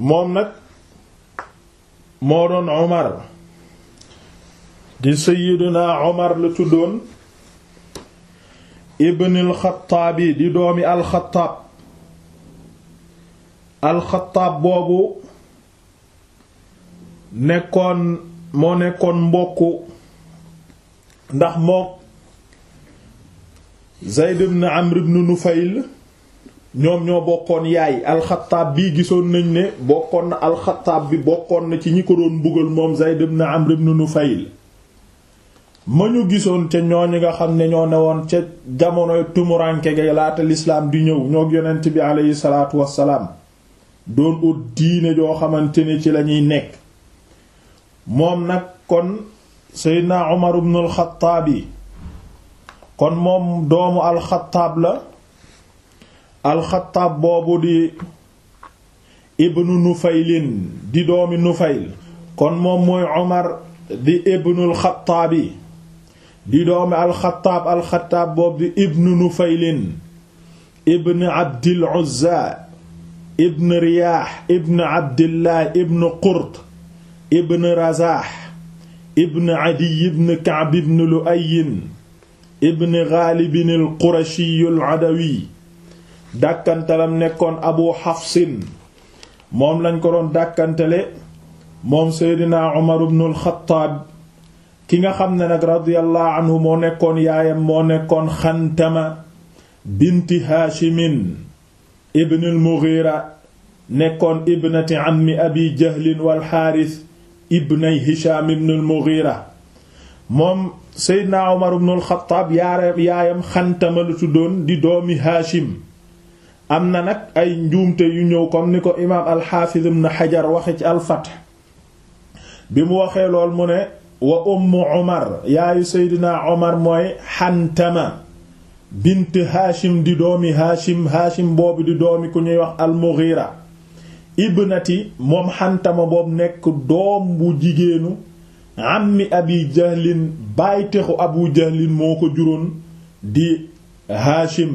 moom nag moo doon Omar di Sayyidina Omar la tuddoon Ibn al di doomi al-Khattaab al-Khattaab boobu nekkoon moo nekkoon mbokku ndax mook Zayd ibn Amr ibn Nufayl ñoom ñoo bokkoon yaay alxataab bii gisoon nañ ne bokkoon na alxataab bi bokkoon na ci ñi ko doon mbugal moom Zayd ibn Amr ibn Nufayl ma ñu gisoon ca ñooñu nga xam ne ñoo newoon ca jamonoy tumuranke ga laata lislaam di ñëw ñoo yonent bi aleyhi salaatu wassalaam doon ut diine joo xamante ni ci lañuy nekk moom nag kon Seydina Umar ibn al yi kon moom doomu alxataab la alxataab boobu di ibnu nufayl kon moom mooy omar di ibnul xataabi di doomi alxataab alxataab boobu di ibn abdil ibn riyaax ibn abdillah ibn qurt ibn razaax ibn adiy ibn ka'b ibn lu'ayyin ibn gaalibin al qurashiyu dàkkantalam nekkoon abu xafsin moom lañ ko doon dàkkantale moom seydina umar ibnul xattaab ki nga xam ne nag radiyallahu anhu moo nekkoon yaayam moo nekkoon xantama binti haashimin ibnul mughira nekkoon ibnati ammi abi jahlin wal xaaris ibnay hisham ibnul mughira moom seydina umar ibnul xattaab yaayam xantama la tuddoon di doomi haashim am na nag ay njuumte yu ñëw comme ni ko imaam alxaafiz ibn xajar waxe ci alfath bi mu waxee lool mu ne wa ummu omar yaayu seydina omar mooy xantama bint haashim di doomi haashim haashim boobu di doomi ku ñuy wax almughira ibnati moom xantama boobu nekk doom bu jigéenu ammi abi jahlin bàytexu abu jahlin moo ko juróon di haashim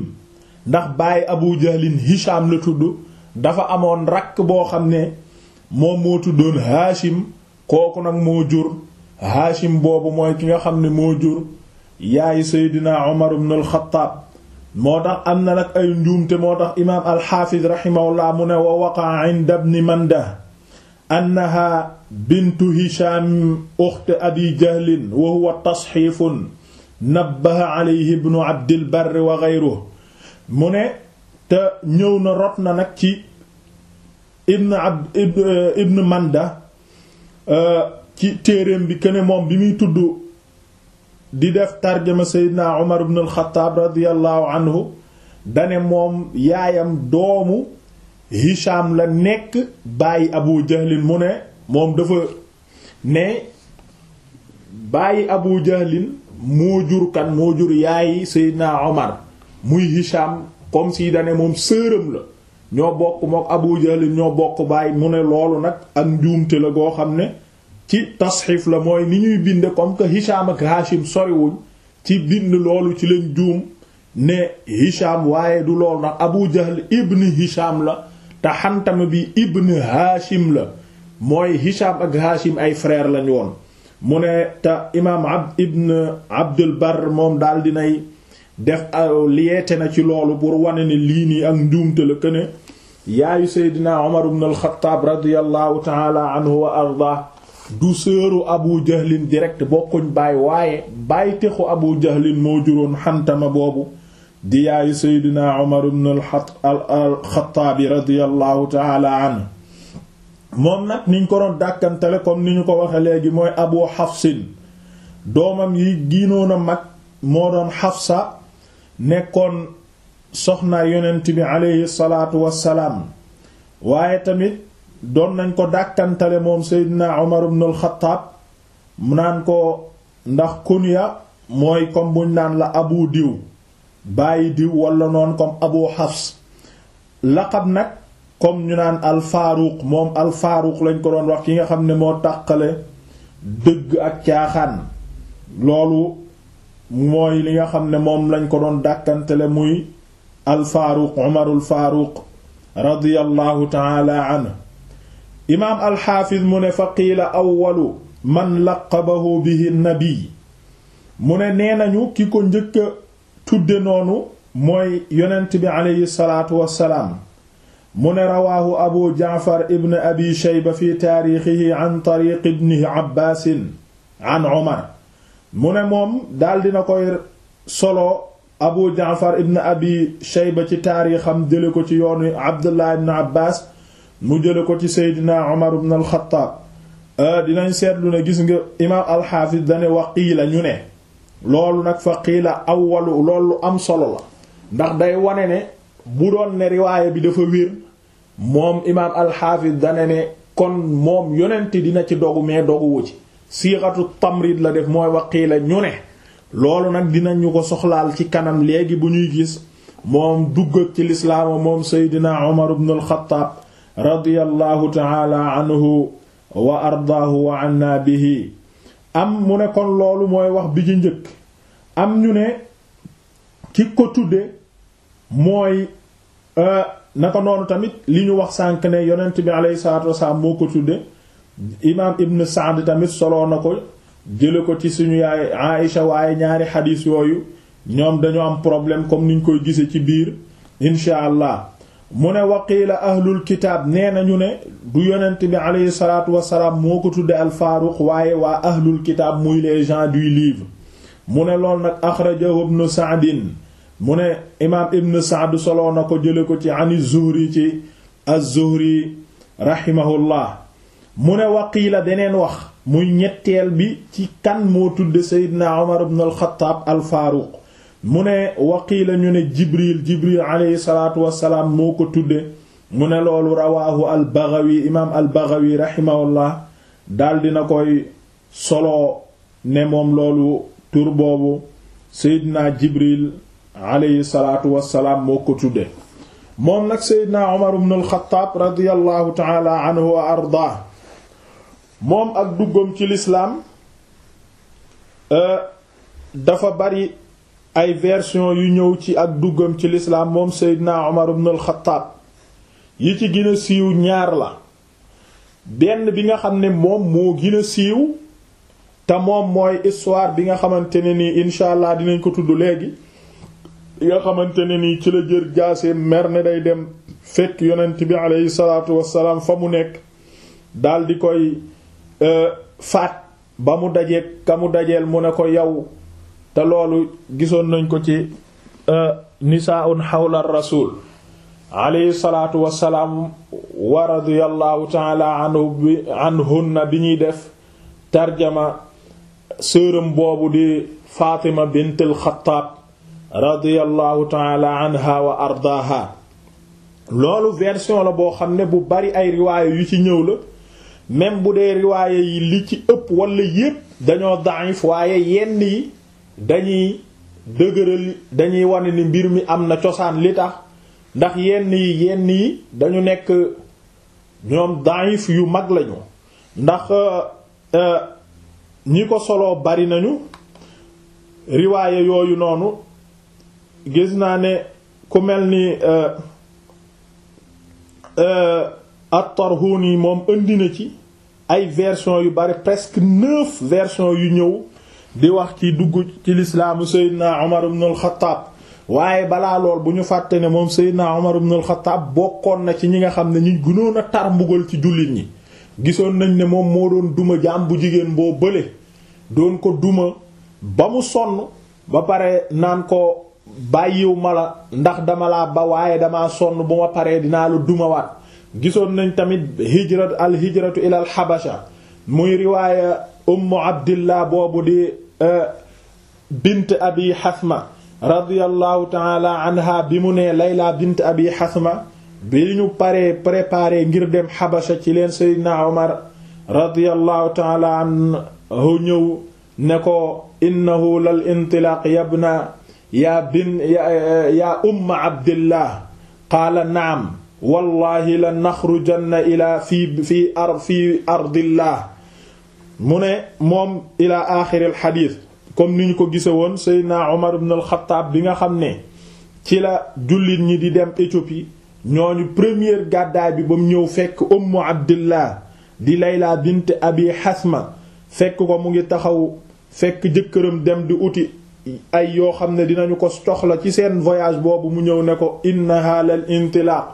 ndax bàyyi abu jahlin hisham la tudd dafa amoon rakk boo xam ne moom moo tuddoon haashim kooku nag moo jur haashim boobu mooy ki nga xam ne moo jur yaay seydina omar ibn alxataab moo tax am na nag ay njuumte moo tax imaam alxaafiz raximahullah mu ne wa waqa inda ibn manda annaha bintu abi jahlin wa huwa tasxiifun nabbaha alayhi ibnu abdilbarri wa geyruhu mu ne te ñëw na rot na nag ci ibn ab ibn euh, manda euh, ci téeréem bi kene moom bi muy tudd di def tarjama seydina omar ibn alxataab radiallahu anhu dane moom yaayam doomu hisham la nekk bàyyi abu jahlin mu ne moom dafa ne bàyyi abu jahlin moo jur kan moo jur yaayi seydina omar muy Hisham comme sii dane moom sëram la ñoo bokk mook Abu Jahl ñoo bokk baay mu ne loolu nag ak njuumte la goo xam ne ci tasxif la mooy ni ñuy binde comme que Hisham ak Hashim soriwuñ ci bind loolu ci leen juum ne Hisham waaye du loolu nag Abu Jahl ibn Hisham la te xantama bi ibn Hashim la mooy Hisham ak Hashim ay frère lañu woon mu ne te imaam ab ibn Abdul Barr moom daal dinay def euh, liyeete na ci loolu pour wane ne lii nii ak njuumte la këne yaayu seydina Umar ibn al-Khattab radiyallahu anhu wa arda du seeru Abu Jahlin direkt bokkuñ baay waaye baay texu Abu Jahlin moo juróon xantama boobu di yaayu seydina Umar ibn al-Khattab radiyallahu anhu moom nag niñ ko doon dàkkantele comme ni ñu ko waxe léegi mooy Abu Hafsin doomam yi giinoon mag moo doon Hafsa nekkoon soxnaa yonent bi aleyhi salaatu wassalaam waaye tamit doon nañ ko dàkkantale moom seydina Umar ibn al mu naan ko ndax kunya mooy comme buñ naan la abu diw bàyyi diw walla noonu comme abu Hafs laqab nag comme ñu naan al-Faaruq moom al-Faaruq lañ ko doon wax ki nga xam ne moo tàqale dëgg ak caaxaan loolu mooy li nga xam ne moom lañ ko doon dàkkantele muy alfaaruq umarul faaruq radiyallahu taala anhu imaam alxaafiz mu ne fa qiila awwalu man laqabahu bihi nabi mu ne nee nañu ki ko njëkk a tudde noonu mooy yonent bi aleyhi salaatu wassalaam mu ne rawaahu abu jaafar ibn abi shayba fi taarixihi an tariq ibni abbaasin an umar mu ne moom daal na koy solo abu jaafar ibn abi shayba ci taarixam jële ko ci yoon yoonu abdullah ibn abbas mu jële ko ci seydina omar ibn alxataab euh, dinañ seetlu na gis nga imaam alxaafis dane wa qiila ñu ne loolu nag fa qiila awwalu loolu am solo la ndax day wane ne bu doon ne riwaaya bi dafa wér moom imaam alxaafis dane ne kon moom yonent dina ci dogu mais doguwu ci siixatu tamrid la def mooy waqiila ñu ne loolu nag dinañu ko soxlaal ci kanam léegi bu ñuy gis moom dugg ci lislaama moom seydina umar ibn alxataab radiyallahu taala anhu wa ardaahu wa anna bihi am mu ne kon loolu mooy wax bi ci njëkk am ñu ne ki ko tudde mooy euh, naka noonu tamit li ñu wax sànk ne yonent bi alayhi salaatu wasalaam moo ko tudde imaam ibn Sa'd tamit soloo na ko jële ko ci suñu yaay Aïsha waaye ñaari xadiis yooyu ñoom dañu am problème comme niñ koy gise ci biir incha allah mu ne waqiila ahlul kitaab nee nañu ne du yenent bi aleyhi salaatu wasalaam moo ko tudde al faaruq waaye waa ahlul kitaab muy les gens du livre mu ne lool nag axrajahu ibn Sa'din mu ne imaam ibn Sa'd soloo na ko jële ko ci ani Zuhri ci az-Zuhri rahimahullah mu ne waqiila beneen wax muy ñetteel bi ci kan moo tudde seydina Umar ibn al-Khattab al-Faaruq mu ne waqiila ñu ne Jibril Jibril aleyhi salaatu wassalaam moo ko tudde mu ne loolu rawaahu al-Baghawi imaam al-Baghawi rahimahullah daldi na koy solo ne moom loolu tur boobu seydina Jibril aleyhi salaatu wassalaam moo ko tudde moom nag seydina Umar ibn al-Khattab radiyallahu anhu wa ardaa moom ak duggam ci lislaam euh, dafa bari ay version yu ñëw ci ak duggam ci lislaam moom Seydina Omar ibn al yi ci gën siiw ñaar la benn bi nga xam ne moom moo gën siiw te moom mooy histoire bi nga xamante ne nii incha allah dinañ ko tudd léegi bi nga xamante ne nii ci la jër jaase mer ne day dem fekk yonent bi aleyhi salaatu wassalaam fa mu nekk dal di koy Euh, faat ba mu dajee ka mu dajeel mu ne ko yow te loolu gisoon nañ ko ci euh, nisaa'un xawla rasul alayhi salaatu wassalaam wa radiyallahu taala anhu bi anhunna bi ñuy def tarjama sërëm boobu di Fatima bint al-Xattaab radiyallahu taala anha wa ardaaha loolu version la boo xam ne bu bari ay riwaaya yu ci ñëw la même bu dee riwaaye yi li ci ëpp wala yépp dañoo daif waaye yenn yi dañuy dëgëral dañuy wane ni mbir mi am na cosaan li tax ndax yenn yi yenn yi dañu nekk ñoom daif yu mag lañu ndax euh, euh, ñi ko soloo bari nañu riwaaye yooyu noonu gis naa ne ku mel ni euh, at yi moom indi na ci ay version yu bari presque neuf version yu ñëw di wax ci dugg ci lislaamu Seydina Umar ibn al-Khattab waaye balaa lool bu ñu fàttee ne moom Seydina Umar ibn al-Khattab bokkoon na ci ñi nga xam ne ñu gënoon a tar mbugal ci jullit ñi gisoon nañ ne moom moo doon duma jaam bu jigéen boo bële doon ko duma ba mu sonn ba pare naan ko bàyyiw ma la ndax dama laa ba waaye dama sonn bu ma paree dinaa la dumawaat gisoon nañ tamit hijrat al hijratu ila al habasha muy riwaaya ummu abdillah boobu di e, bint abi hasma radiyallahu taala anha bi mu layla bint abi hasma bi ñu ngir dem xabasa ci leen seydina omar radiyallahu taala anhu ñëw ne ko innahu lal intilaaq yabna yaa bin umma abdillah qaala naam wallahi la naxru naxrujanna ilaa fii fii ar fii ardillah mu ne moom ilaa aaxiril xadiis comme ni ñu ko gise woon seydna Omar ibn al bi nga xam ne ci la jullit ñi di dem Éthiopie ñooñu première gàddaay bi ba mu ñëw fekk ummu abdillah di Layla bint abi xasma fekk ko mu ngi taxaw fekk jëkkëram dem di uti ay yoo xam ne dinañu ko coxla ci seen voyage boobu mu ñëw ne ko innaha lal intilaq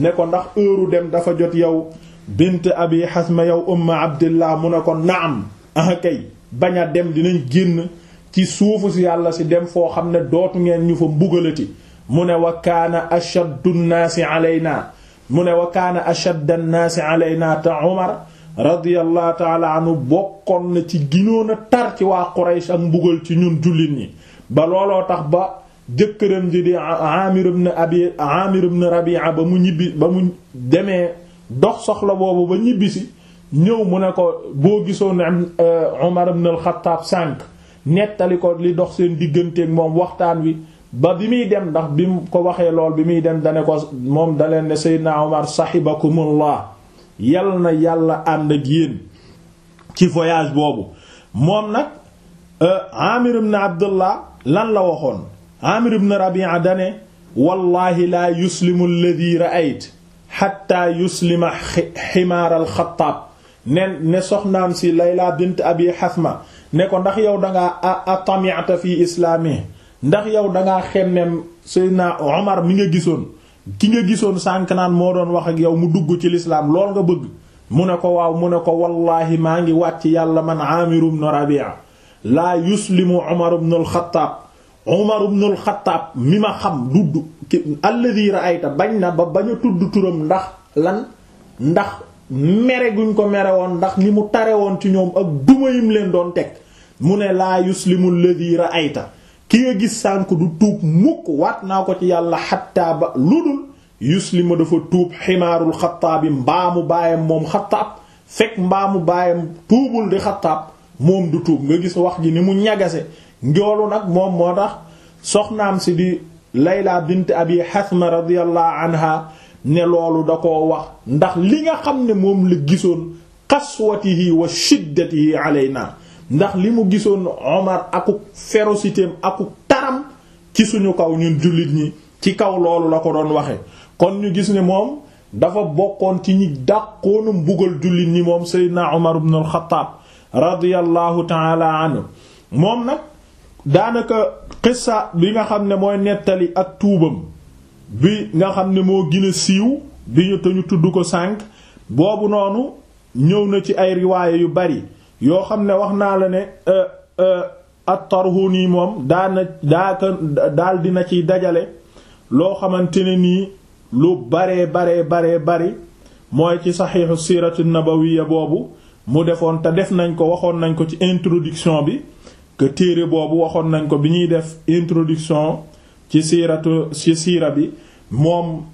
ne ko ndax heure dem dafa jot yow bint abi xasma yow umma abdillah mu ne ko naam ah kay bañ a dem dinañ génn ci suufu si yàlla si dem foo xam ne dootu ngeen ñu fa mbugalati mu ne wa kaana ashaddu nnaasi alaynaa mu ne wa kaana ashadda nnaasi alaynaa te omar radiyallahu taala anhu bokkoon na ci ginoon a tar ci waa quraysh ak mbugal ci ñun jullit ñi ba looloo tax ba jëkkëram ji di Amir ibn Abi Amir ibn Rabi'a ba mu ñibbi ba mu demee dox soxla boobu ba ñibbisi ñëw mu ne ko boo gisoon Umar euh, ibn al-Khattab li dox seen moom waxtaan wi ba bi muy dem ndax bi ko waxee lool bi muy dem dane moom da leen ne Seydina Umar na yàlla ànd ak yéen ci boobu moom nag euh, Amir ibn Abdullah lan la waxoon amir ibn rabi'a dane wallahi laa yuslimu alladhi ra'ayt xatta yuslima ximaar alxataab ne ne soxnaam si layla bint abi xasma ne ko ndax yow dangaa atamiata fi islaami ndax yow dangaa xemnem seydna omar mi nga gisoon ki nga gisoon sànk naan moo doon wax ak yow mu dugg ci lislaam lool nga bëgg mu ne ko waaw mu ne ko wallaahi maa ngi wàcc yàlla man aamiru bnu rabia laa yuslimu omar bnu alxataab Umar ibn al-Khattab mi ma xam dudd alladhi ayta bañ na ba bañ tudd turam ndax lan ndax mere guñ ko mere woon ndax ni mu tare woon ci ñoom ak duma yim leen doon teg mu ne laa yuslimu alladhi ra'ayta ki nga gis sànk du tuub mukk waat naa ko ci yàlla xattaa ba lu dul yuslima dafa tuub ximaarul xataabi mbaamu baayam moom xataab fekk mbaamu baayam tuubul di xataab moom du tuub nga gis wax ji ni mu ñagase njoolu nag moom moo tax soxnaam si di Layla bint Abi Hasma radiyallahu ne loolu da ko wax ndax li nga xam ne moom la gisoon qaswatihi wa shiddatihi na ndax li mu gisoon Omar akuk férocité akuk taram ci suñu kaw ñun jullit ñi ci kaw loolu la ko doon waxe kon ñu gis ne moom dafa bokkoon ci ñi dàqoonu mbugal jullit ñi moom Seydina Omar ibn al-Khattab radiyallahu anhu moom nag daanaka xissa bi nga xam ne mooy nettali ak tuubam bi nga xam ne moo gën siiw bi ñu te ñu tudd ko sànk boobu noonu ñëw na ci ay riwaaya yu bari yoo xam ne wax naa la ne euh, euh, at-Tarhuni moom daa na daaka daal dina ciy dajale loo xamante ne nii lu baree baree baree bari mooy ci saxiixu siiratu nabawiyya boobu mu defoon te def nañ ko waxoon nañ ko ci introduction bi que téere boobu waxoon nañ ko bi ñuy def introduction ci siiratu ci siira bi moom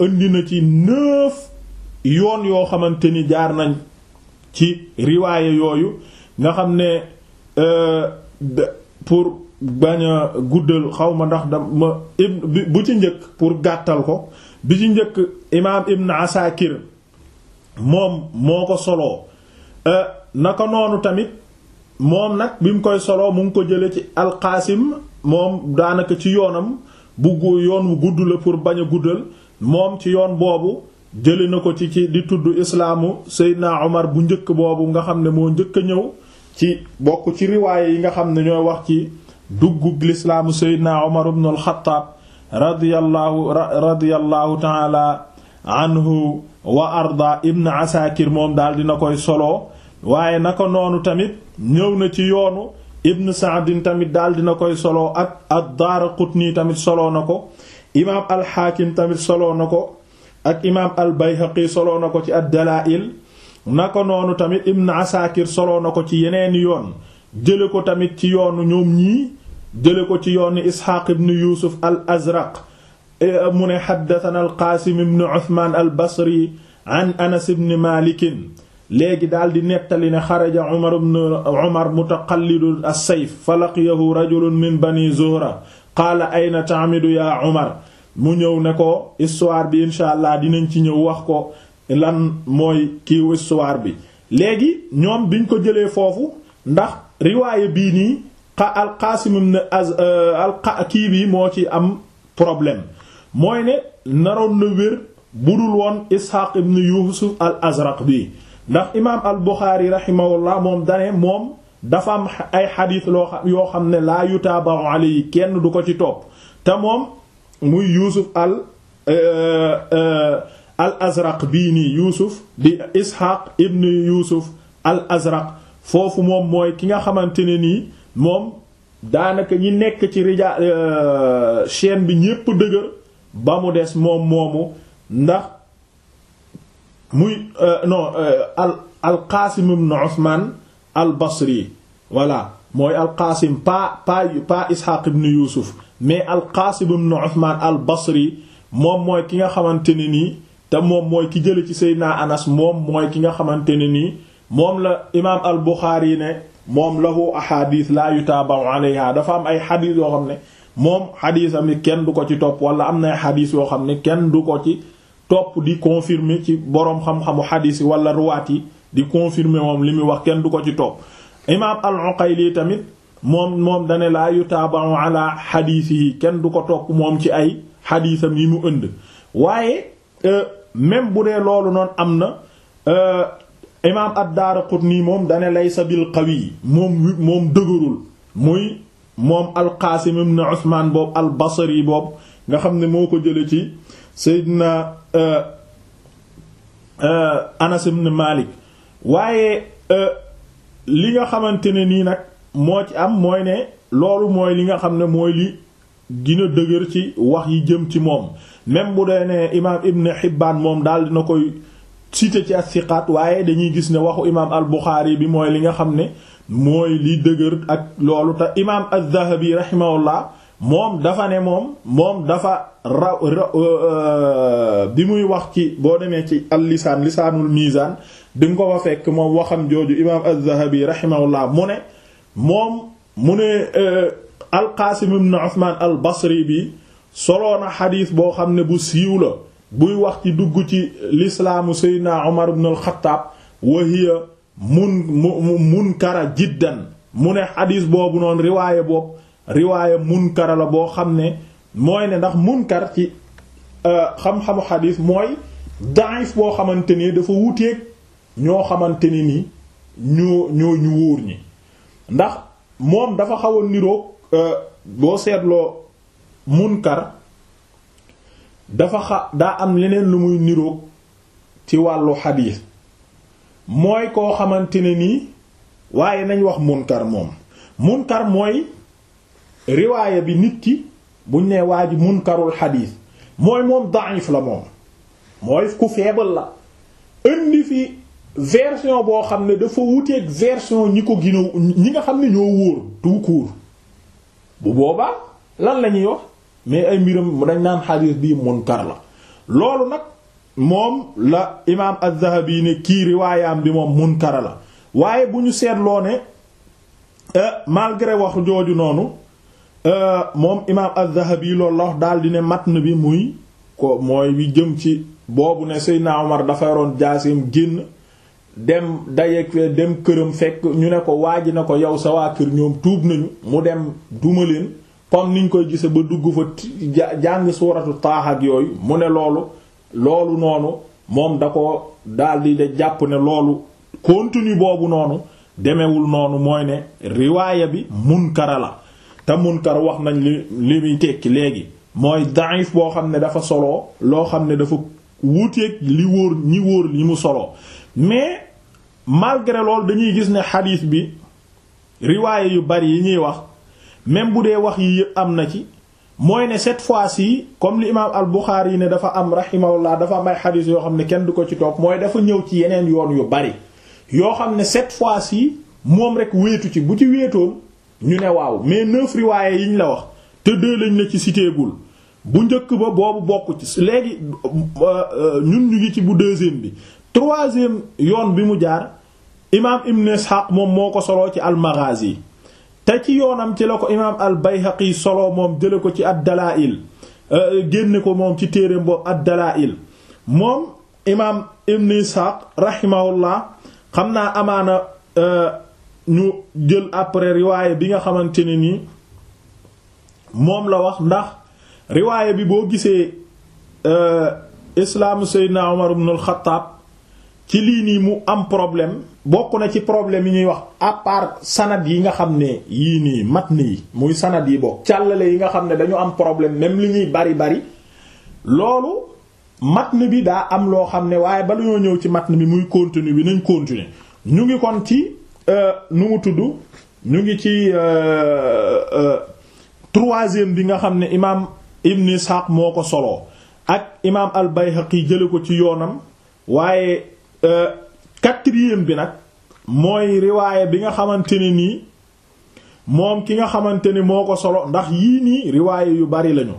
indi na ci neuf yoon yoo xamante ni jaar nañ ci riwaaye yooyu nga xam ne euh, pour bañ guddal xaw ma ndax dama bu ci njëkk pour gàttal ko bi ci njëkk imaam Ibn Asakir moom moo ko soloo euh, naka noonu tamit moom nag bi mu koy soloo mu ngi ko jële ci alqaasim moom daanaka ci yoonam bu yoon wu gudd la pour bañ a guddal moom ci yoon boobu jële na ko ci ci di tudd islaamu Seydina Omar bu njëkk boobu nga xam ne moo njëkk a ñëw ci bokk ci riwaaye yi nga xam ne ñoo wax ci duggu lislaamu Seydina Omar ibn al-Khattab radiyallahu radiyallahu taala anhu wa arda ibn Asakir moom daal dina koy solo waaye naka noonu tamit ñëw na ci yoonu ibn saadin tamit daal na koy soloo ak ad-Daaraqutni tamit soloo na ko imaam al tamit soloo na ko ak imaam al-Bayhaqi soloo na ko ci ad na ko noonu tamit ibn Asaakir soloo na ko ci yeneen yoon jële ko tamit ci yoonu ñoom ñii jële ko ci yoonu Isxaaq ibn Yuusuf al-Azraq e, mu ne haddathana al-Qaasim ibn Usmaan al-Basri an Anas ibn Maalik léegi daal di nettali ne xaraja Umar ibn Umar mutaqallidu as-sayf fa laqiyahu rajulun min bani Zuhra qaala ayna ta'midu ya Umar mu ñëw ne ko histoire bi incha allah dinañ ci ñëw wax ko lan mooy kiiw bi léegi ñoom biñ ko jëlee foofu ndax riwaaye bii nii xa euh, kii bi moo ci am problème mooy ne naroon na wér budul woon Isxaaq ibn Yuusuf al-Azraq bi ndax imaam al Buxaari rahimahullah moom dane moom dafa am ay xadiis loo xam yoo xam ne laa yutaabaru alayhi kenn du ko ci topp te moom muy Yuusuf al euh, euh, al Azraq bii nii Yuusuf di Isxaaq ibn Yuusuf al Azraq foofu moom mooy ki nga xamante ne nii moom daanaka ñi nekk ci rija euh, chaîne bi ñépp dëgër ba mu des moom moomu ndax muy euh, non euh, al alqaasim ibn Usmaan al Basri voilà mooy alqaasim pas pas pas Isxaaq ibn Yuusuf mais alqaasim ibn Usmaan al Basri moom mooy ki nga xamante ne nii te moom mooy ki jële ci seyna Anas moom mooy ki nga xamante ne nii moom la imaam al Buxaari ne moom lahu ahadith la yutaaba'u alayha dafa am ay xadiis yoo xam ne moom xadiisam ni kenn du ko ci topp wala am na ay xadiis yoo xam ne kenn du ko ci topp di confirmer ci boroom xam-xamu xadiis yi wala ruwaat yi di confirmer moom li muy wax kenn du ko ci topp imaam al tamit moom moom dane laa yutaaba'u ala xadiis yi kenn du ko topp moom ci ay xadiisam yi mu ënd waaye euh, même bu dee loolu noon am na euh, imaam ad nii moom dane laysa bil qawi moom moom dëgërul muy moom al-Qaasim ibn Usmaan boobu al-Basri boobu nga xam ne moo ko jële ci Seydina euh, euh, Anas ibn Malik waaye euh, li nga xamante ne nii nag moo ci am mooy ne loolu mooy li nga xam ne mooy li gina dëgër ci wax yi jëm ci moom même bu dee ne imaam Ibn Hibbaan moom daal dina koy site ci as-siqaat waaye dañuy gis ne waxu imaam al-Bukhari bi mooy li nga xam ne mooy li dëgër ak loolu te imaam az-Zahabi rahimahullah moom dafa ne moom moom dafa ra euh, euh, bi muy wax ci boo demee ci al lisaan lisaanul miizaan di nga ko fa fekk moom waxam jooju imaam az-Zahabi rahimahullah mu ne moom mu ne euh, al-Qaasim ibn al-Basri bi soloo na xadiis boo xam ne bu siiw la buy wax ci dugg ci lislaamu Seydina Umar ibn al-Xattaab wa hiya mun munkara jiddan mu ne xadiis boobu noonu riwaaye boobu riwaaya munkara la boo xam ne mooy ne ndax munkar ci euh, xam-xamu xadiis mooy daif boo xamante ni dafa wuteeg ñoo xamante ni ni ñoo ñu wóor ñi ndax moom dafa xawa a niroog euh, boo seetloo munkar dafa xa daa am leneen lu muy niroog ci wàllu xadiis mooy koo xamante ne nii waaye nañ wax munkar moom munkar mooy riwaaya bi nit ki buñ nee waa ji munkarul xadiis mooy moom da'if la moom mooy ku feebal la indi fi version boo xam ne dafa wuteeg version ñi ko gina ñi nga xam ne ñoo wóor tout bu boobaa lan la ñuy wax mais ay mbiram dañ naan xadiis bi munkar la loolu nag moom la imaam az-Zahabi ne kii riwaayaam bi moom munkara la waaye bu ñu seetloo ne eh, malgré wax jooju noonu Euh, moom imaam az-Zahabi loolu la wax daal di ne matn bi muy ko mooy bi jëm ci boobu ne Seydina Omar dafa yoroon jaasim génn dem dayeg dem këram fekk ñu ne ko waaji na ko yow sa waa kër ñoom tuub nañu mu dem duma leen comme niñ koy gise ba dugg fa jàng suuratu Taaha ak yooyu mu ne loolu loolu noonu moom da ko daldi de jàpp ne loolu contenu boobu noonu demewul noonu mooy ne riwaaya bi munkara la te munkar wax nañ li li muy tekki léegi mooy daif boo xam ne dafa solo loo xam ne dafa wuuteeg li wóor ñi wóor ñi mu soloo mais malgré loolu dañuy gis ne xadiis bi riwaaye yu bari yi ñuy wax même bu dee wax yi am na ci mooy ne cette fois yi comme li imaam al-Bukhari yi ne dafa am rahimahullah dafa am ay xadiis yoo xam ne kenn du ko ci toog mooy dafa ñëw ci yeneen yoon yu bari yoo xam ne cette fois-ci moom rek wéetu ci bu ci wéetoon ñu ne waaw mais neuf riwaaye yiñ la wax te deux lañ la ci citeegul bu njëkk ba boobu bokk ci léegi euh, euh, ñun ñu ngi ci bu deuxième bi troisième yoon bi mu jaar imaam Ibn Ishaq moom moo ko soloo ci al-Maghazi te ci yoonam ci la ko imaam al-Bayhaqi soloo moom jële ko ci ad-Dalaa'il euh, génne ko moom ci téere boobu ad-Dalaa'il moom imaam Ibn Ishaq rahimahullah xam naa amaana ñu jël après riwaayé bi nga xamante ne nii moom la wax ndax riwaayé bi boo gisee euh, islaamu Seydina Umar ibn al ci lii nii mu am problème bokk na ci problème yi ñuy wax à part yi nga xam ne yii nii matn yi muy sanad yi bokk càllale yi nga xam ne dañu am problème même li ñuy bari bari loolu matn bi daa am loo xam ne waaye ba lu ñëw ci matn bi muy contenu bi nañ continuer ñu ngi kon ci Euh, nu mu tudd ñu ngi ci euh, euh, troisième bi nga xam ne imaam Ibn Ishaq moo ko solo ak imaam al-Bayhaqi jële ko ci yoonam waaye quatrième bi nag mooy riwaayé bi nga xamante ne nii moom ki nga xamante ni moo ko solo ndax yii nii riwaayé yu bari lañu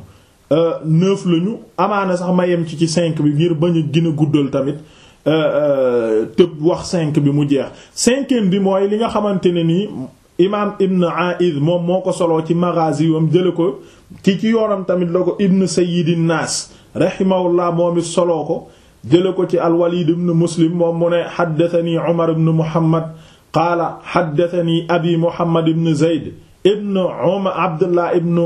neuf lañu amaana sax ma yem ci ci cinq bi ngir bañ a a guddal tamit Euh, euh, tëb wax cinq bi mu jeex cinquième bi mooy li nga xamante ne nii imaam Ibn Aiz moom moo ko soloo ci Maghazi wam jële ko ki ci yoonam tamit la ko Ibn Sayyidin Nas rahimahullah moom it soloo ko jële ko ci al-Walid ibn Muslim moom mu ne haddathani Umar ibn Muhammad qaala haddathani abi Muhammad ibn Zayd ibn Umar Abdullah ibn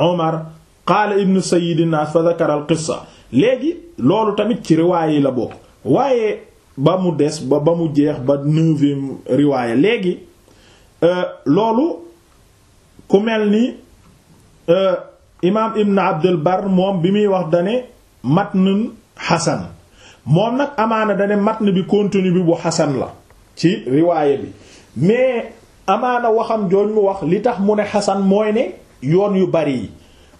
Umar qaala ibn Sayyidin Nas fa dhakara al-qissa léegi loolu tamit ci riwaay yi la bokk waaye ba mu des ba ba mu jeex ba neuvième riwaaya léegi euh, loolu ku mel ni euh, imaam Ibn Abdul Bar moom bi muy wax dane matnun xasan moom nag amaana dane matn bi contenu bi bu xasan la ci riwaaya bi mais amaana waxam jooñ mu wax li tax mu ne xasan mooy ne yoon yu bari yi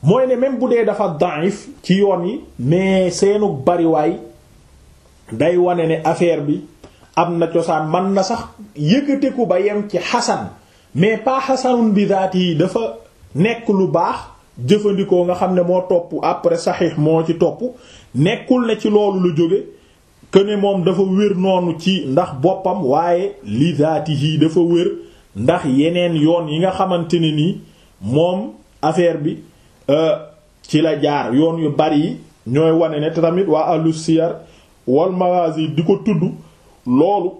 mooy ne même bu dee dafa da'if ci yoon yi mais seenu bariwaay day wane ne affaire bi am na cosaan man na sax yëgateku ba yem ci xasan mais pas xasanun bi daat yi dafa nekk lu baax jëfandikoo nga xam ne moo topp après saxiix moo ci topp nekkul ne ci loolu la jóge que ne moom dafa wér noonu ci ndax boppam waaye li daati yi dafa wér ndax yeneen yoon yi nga xamante ne nii moom affaire bi euh, ci la jaar yoon yu bari yi ñooy wane ne tamit waa alu siyar wal maghazi di ko tudd loolu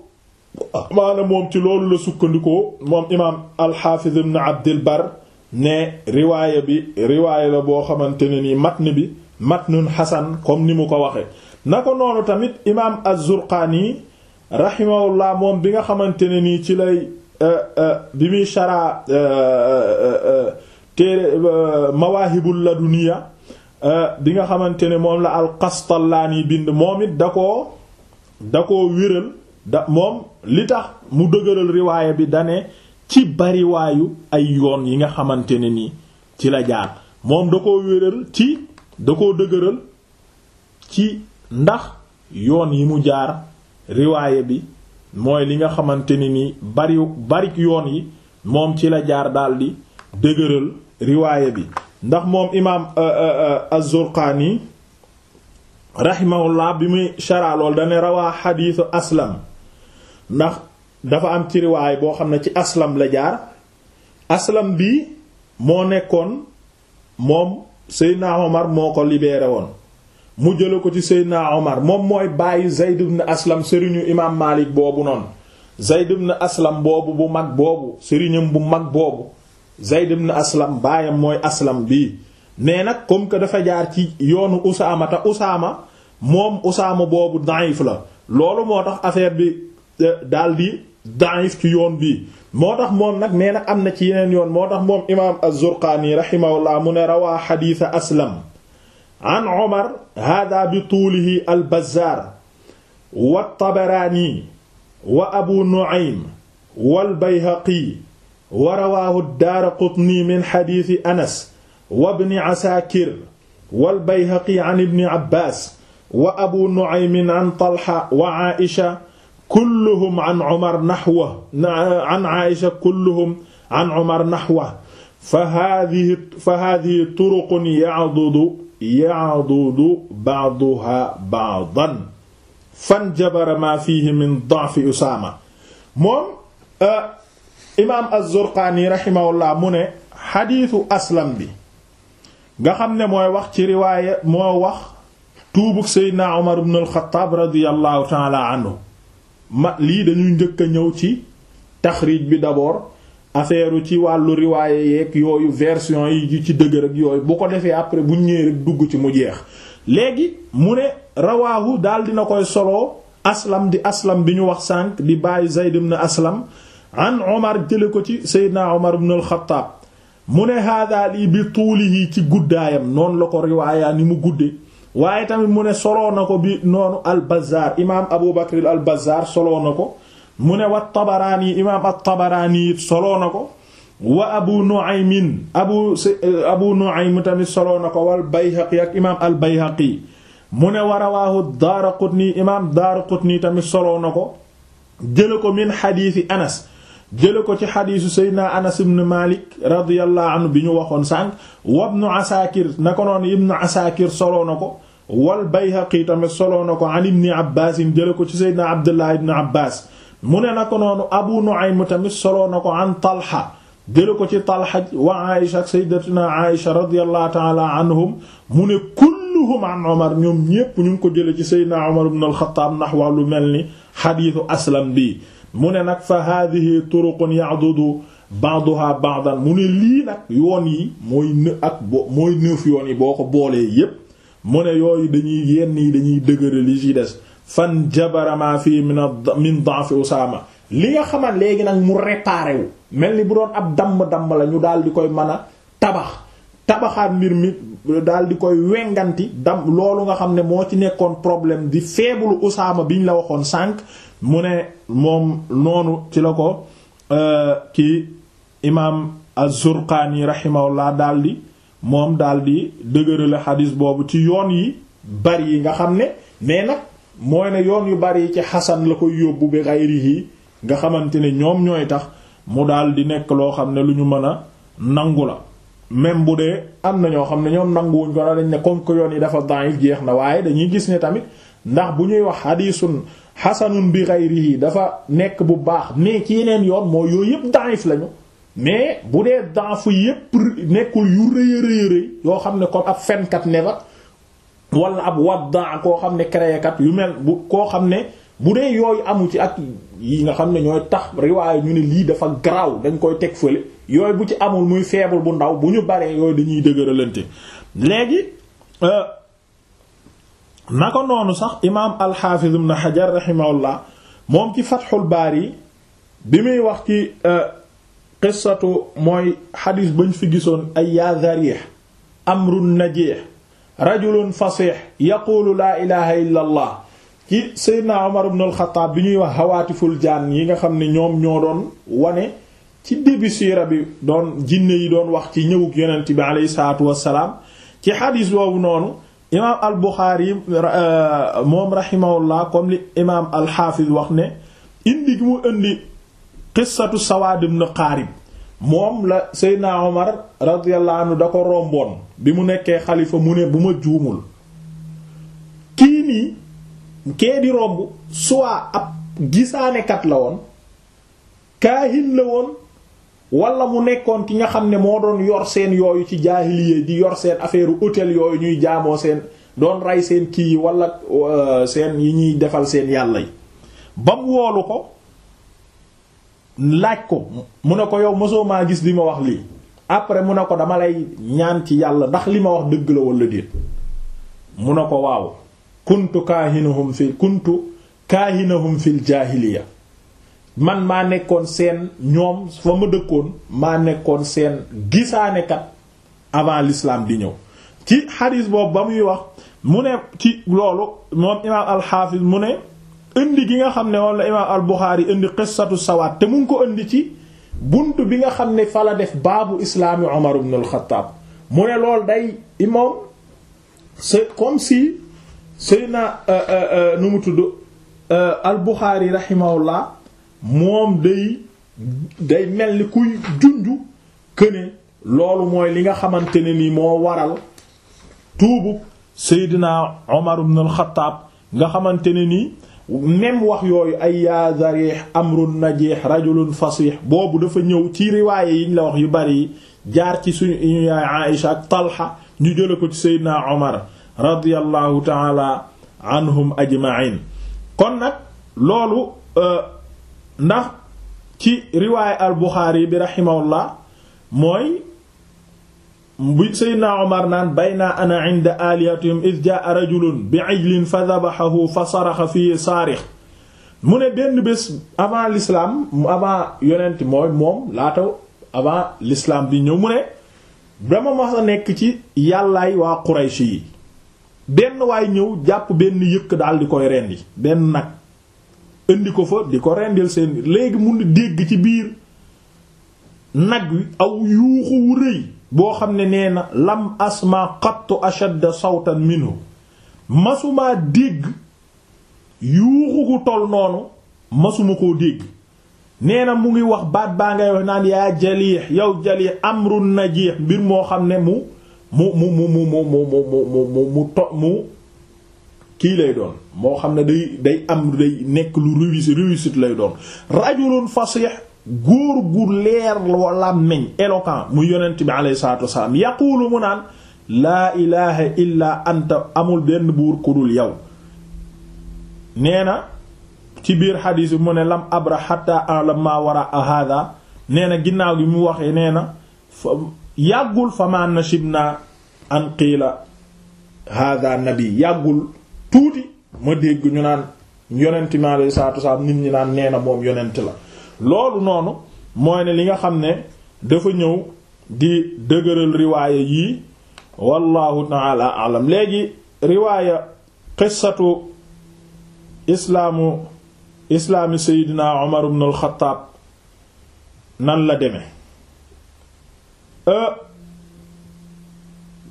maana moom ci loolu la sukkandikoo moom imaam alxaafiz ibn abdil bar ne riwaaya bi riwaaya la boo xamante ne nii matn bi matnun xasan comme ni mu ko waxee na ko noonu tamit imaam az-zurqaani rahimahullah moom bi nga xamante ne nii ci lay euh, euh, bi muy sharaa euh, téere mawaahibul laduniya Euh, bi nga xamante ne moom la al-Qastallaani bind moom it da koo da koo wéral da moom li tax mu dëgëral riwaaya bi dane ci bariwaayu ay yoon yi nga xamante ne nii ci la jaar moom da koo wéral ci da ko dëgëral ci ndax yoon yi mu jaar riwaaya bi mooy li nga xamante ne nii bari yoon yi moom ci la jaar daldi dëgëral riwaaya bi ndax moom imaam euh, euh, euh, az-Zurqaani bi muy sharaa lool dane rawaa xadiisu aslam ndax dafa am ci boo xam ne ci aslam la jaar aslam bi moo nekkoon moom Seydina Omar moo ko libeere woon mu jële ko ci Seydina Omar moom mooy bàyyi Zayd ibn Aslam sëriñu imaam Maalik boobu noonu Zayd na Aslam boobu bu mag boobu sëriñam bu mag boobu Zayd ibn Aslam baayam mooy Aslam bi mais nag comme que dafa jaar ci yoonu Usaama te Usaama moom Usaama boobu daif la loolu moo tax affaire bi euh, daldi di daif ci yoon bii moo tax moom nag nee na am na ci yeneen yoon moo tax moom imaam Az-Zurqaani rahimahullah mu ne rawaa xadiisa Aslam an Omar hada bi tuulihi al-Bazzaar wa Tabaraani wa Abu Bayhaqi wa rawaahu daaraqutni min xadiisi anas wa bni asaakir wal bayhaqi an ibni abbaas wa abu nu'aym an talha wa aisha kulluhum an umar nahwa an aisha kulluhum an umar nahwa fa haadihi fa haadihi turuqun ya'dudu ya'dudu ba'duha ba'dan fanjabara maa fiihi min da'fi usaama moom ah, imaam az-Zurqaani rahimahullah mu ne xadiisu aslam bi nga xam ne mooy wax ci riwaaya moo wax tuubug Seydina Umar ibn al-Xattaab radiyallahu taala ma lii dañuy njëkk a ñëw ci taxriij bi d'abord affaire ci wàllu riwaaye yeeg yooyu version yi ci dëgër ak yooyu bu ko defee après bu ñëwee rek dugg ci mu jeex léegi mu ne rawaahu daal dina koy solo aslam di aslam bi ñu wax sànq di bàyyi Zayd ibn Aslam an Omar jële ko ci Seydina Omar ibn al-Khattab mu ne hada lii bi tuulihi ci guddaayam noonu la ko riwaayaa ni mu gudde waaye tamit mu ne soloo na ko bi noonu al-Bazzar imaam Abu Bakr al-Bazzar soloo na ko mu ne wa Tabaraani imaam at-Tabaraani it soloo na ko wa Abu Nu'aym abu Abu Nu'aym tamit soloo na ko wal Bayhaqi ak imaam al-Bayhaqi mu ne wa rawaahu Daaraqutni imaam Daaraqutni tamit soloo na ko jële ko min xadiisi Anas jële ko ci xadiisu seydna anas ibn malik radiyallahu anhu bi ñu waxoon sànq wabnu asakir na ko noonu ibnu asakir soloo na ko wal bayhaqi tamit soloo na ko an ibni abbas yin jële ko ci seydna abdullah ibn abbas mu ne na ko noonu abu nu'aym tamit soloo na ko an talha jële ko ci talha wa aïsha ak saydatuna aïsha radiyallahu anhum mu ne kulluhum an omar ñoom ñépp ñu ngi ko jële ci seydna omar ibn al-khattab nahwa lu mel ni xadiisu aslam bi mu ne nag fa haadihi turuqun ya'dudu ba'daha ba'dan mu ne lii nag yoon yi mooy në ak bo mooy nëf yoon yi boo ko boolee yépp mu ne yooyu dañuy yenn yi dañuy dëgëral yi ci des fan fi fii min min da'fi Usaama li nga xaman léegi nag mu réparé mel ni bu doon ab damb damb la ñu daal di koy mën a tabax tabaxaat mbir mi daal di koy wenganti dam loolu nga xam ne moo ci nekkoon problème di feebulu Usaama biñ la waxoon sànq mu ne moom noonu ci la ko euh, ki imaam az-Zurqaani rahimahullah daldi moom daldi dëgërale xadiis boobu ci yoon yi bari yi nga xam ne mais nag mooy ne yoon yu bari yi ci xasan la koy yóbbu bi gayrihi nga xamante ne ñoom ñooy tax mu daldi nekk loo xam ne lu ñu mën a nangu la même bu dee am na ñoo xam ne ñoom nanguwuñ ko dañ ne comme yoon yi dafa da'if jeex na waaye dañuy gis ne tamit ndax bu ñuy wax xadiisun xasanun bi ghayrihi dafa nekk bu baax mais ci yeneen yoon moo yooyu yëpp daif lañu mais bu dee daafu yëpp nekkul yu rëy a rëy yoo xam ne comme ab fenkat ne ba wala wat wadda koo xam ne créékat yu mel bu koo xam ne bu dee yooyu amu ci ak yi nga xam ne ñooy tax riwaaye ñu ne lii dafa garaaw dañ koy teg fële yooyu bu ci amul muy faible bu ndaw bu ñu baree yooyu dañuy dëgëralante léegi. Euh, naka noonu sax imaam alxaafiz ibn xajar raximahullah moom ci fatxul baari bi muy wax ci euh, qissatu mooy xadiis bañ fi gisoon ay yaa zarih amrun najiix rajulun fasix yaquulu laa ilaha illa allah ci seydna omar ibn alxataab bi ñuy wax hawaatiful jaan yi nga xam ne ñoom ñoo doon wane ci début siira bi doon jinne yi doon wax ci ñëwug yonent bi aleyhi salaatu wassalaam ci xadiis boobu noonu imaam al Buxaari euh, moom rahimahullah comme li imaam al Xaafiz wax ne indi gi mu indi qissatu Sawaad ibn Qaarib moom la Seydina Omar radiyallahu anhu da ko romboon bi mu nekkee xalifa mu ne bu ma juumul kii nii kee di romb soit ab gisaanekat la woon kaahin la woon walla mu nekkoon ki nga xam ne moo doon yor seen yooyu ci jaahiliya di yor seen affaire hôtel yooyu ñuy jaamoo seen doon ray seen kii yi wala euh, seen yi ñuy defal seen yàlla yi ba mu woolu ko laaj ko mu ne ko yow mosoo maa gis li ma wax lii après mu ne ko dama lay ñaan ci yàlla ndax li ma wax dëgg la wala déet mu ne ko waaw kuntu kaahinahum fi kuntu kaahinahum fil jaahiliya man maa nekkoon seen ñoom fa ma dëkkoon maa nekkoon seen gisaanekat avant lislaam di ñëw ci xadis boobu ba muy wax mu ne ci loolu moom imaam alxaafis mu ne indi gi nga xam ne moom la imaam al Buxaari indi qissatu sawaat te mu ngi ko indi ci bunt bi nga xam ne fa la def baabu islaami Umar ibn al-Khattab mu ne loolu day imoom c'est comme si Seydina euh, euh, euh, nu mu tudd al Buxaari rahimahullah moom day day mel ni kuy junju këne loolu mooy li nga xamante ne ni moo waral tuubu Seydina Omar ibn al nga xamante ne nii même wax yooyu ay yaa zarih amrun najih rajulun fasih boobu dafa ñëw ci riwaaye yiñ la wax yu bari yi jaar ci suñu ñu yaay Aïsha ak Talha ñu jële ko ci Seydina Omar radiyallahu taala anhum ajma'in kon nag loolu euh, ndax ci riwaay al bi raximahullah mooy bu Seydina Omar naan bayna ana inda aliatihim id jaa rajulun bi ijlin fa dabaxahu fa saraxa fii saarix mu ne benn bés avant l'islam avant yonent mooy moom laata avant l'islam bi ñëw mu ne dama mas nekk ci yàllaay waa Quraysh yi benn waay ñëw jàpp benn yëkk daal di koy rendi benn nag indi ko fa di ko rendil seen léegi mun dégg ci biir nag wi aw yuuxu wu rëy boo xam ne neena lam asma qattu ashadda sawtan minhu masumaa dégg yuuxu gu tol noonu masuma koo dégg nee na mu ngi wax baat baa ngay wax naan yaa jaliix yow jaliix amrun najiix mbir moo xam ne mu mu mu mu mu mu mu mu mu mu mu kii lay doon moo xam ne day day am day nekk lu réussite lay doon rajulun fasih góor gu leer wala meñ éloquent mu yonent bi alayhi salaatu wasalaam yaqulu mu naan laa ilaha illa anta amul benn buur ku dul yow nee na ci biir xadiis bi mu ne lam abra hatta alam ma wara a hada ginnaaw gi mu waxee nee na yàggul famaa nashib naa an qiila hada nabi yàggul tuuti ma dégg ñu naan yonent mi alayhi salaatu nit ñi naan nee na moom yonent la loolu noonu mooy ne li nga xam ne dafa ñëw di dëgëral riwaaya yii wallahu taala alam léegi riwaaya qissatu islaamu islaami seydina umar ibn al nan la demee euh,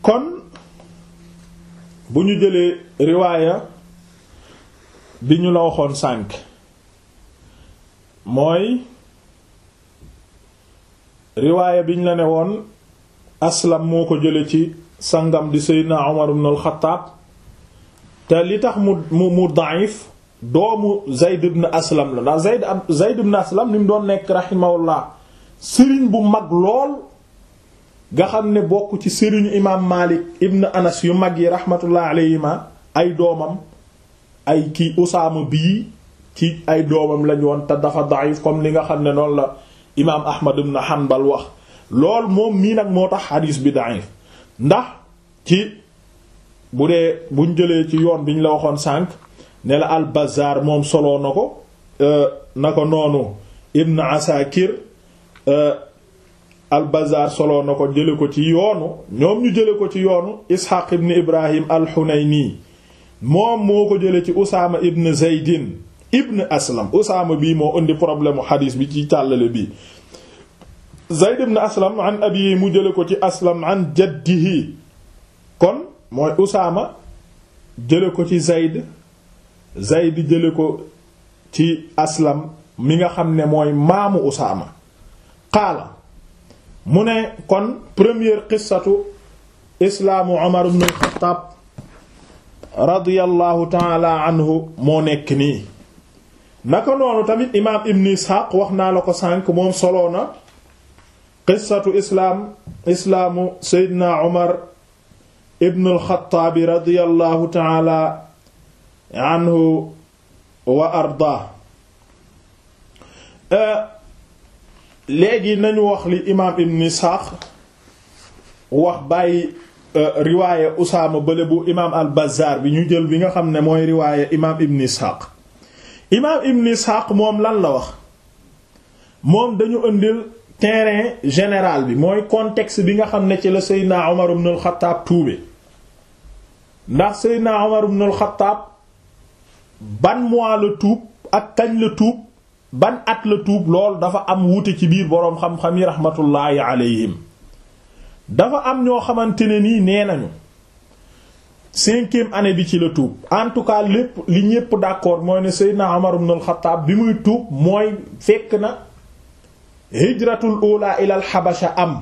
kon bu ñu jëlee riwaaya bi ñu la waxoon sànk mooy riwaaya bi ñu la ne woon aslam moo ko jële ci sangam di seydna Umar ibn al te li tax mu mu mu da'if doomu Zayd ibn Aslam la ndax Zayd ibn Aslam ni mu doon nekk rahimahullah sëriñ bu mag lool nga xam ne bokk ci sëriñu imaam Maalik ibn Anas yu mag yi rahmatullah alayhima ay doomam ay kii Usaama bii ki ay doomam lañ woon te dafa da'if comme li nga xam ne noonu la imaam Ahmad ibn Hanbal wax lool moom nii nag moo tax xadiis bi da'if ndax ci bu dee buñ jëlee ci yoon bi ñu la waxoon sànq ne la al moom soloo na ko euh, na ko noonu Ibn Asakir euh, al Bazzaar soloo na ko jële ko ci yoonu ñoom ñu jële ko ci yoonu Ishaq ibn Ibrahim al-Hunayni moom moo ko jële ci Usaama ibn Zaydin ibn Aslam Usaama bii moo indi problème mu xadiis bi ci tàllale bi Zayd ibn Aslam an abiyi mu jële ko ci Aslam an jaddihi kon mooy Usaama jële ko ci Zayd Zayd jële ko ci Aslam mi nga xam ne mooy maamu Usaama qaala mu ne kon première qissatu islaamu Umar ibn al radiyallahu taala anhu moo nekk nii naka noonu tamit imaam ibn isxaaq wax naa la ko sànq moom soloo na qissatu islaam islaamu seydina umar ibn alxataabi radiyallahu taala anhu wa ardaa euh, léegi nañu wax li imaam ibn isxaaq wax bàyyi Euh, riwaayé Usaama bële bu imaam al-Bazzaar bi ñu jël bi nga xam ne mooy riwaayé imaam Ibn Ishaq imaam Ibn Ishaq moom lan la wax moom dañu ëndil terrain général bi mooy contexte bi nga xam ne ci la Seydina Omar ibn al-Khattab tuube ndax Seydina Omar ibn al-Khattab ban mois la tuub ak kañ la tuub ban at la tuub lool dafa am wuute ci biir boroom xam-xam yi rahmatullahi alayhim dafa am ñoo xamante ne nii nee nañu cinquième année bi ci la tuub en tout cas lépp li ñépp d'accord mooy ne Seydina Umar ibn al bi muy tuub mooy fekk na hijratul ula ila al am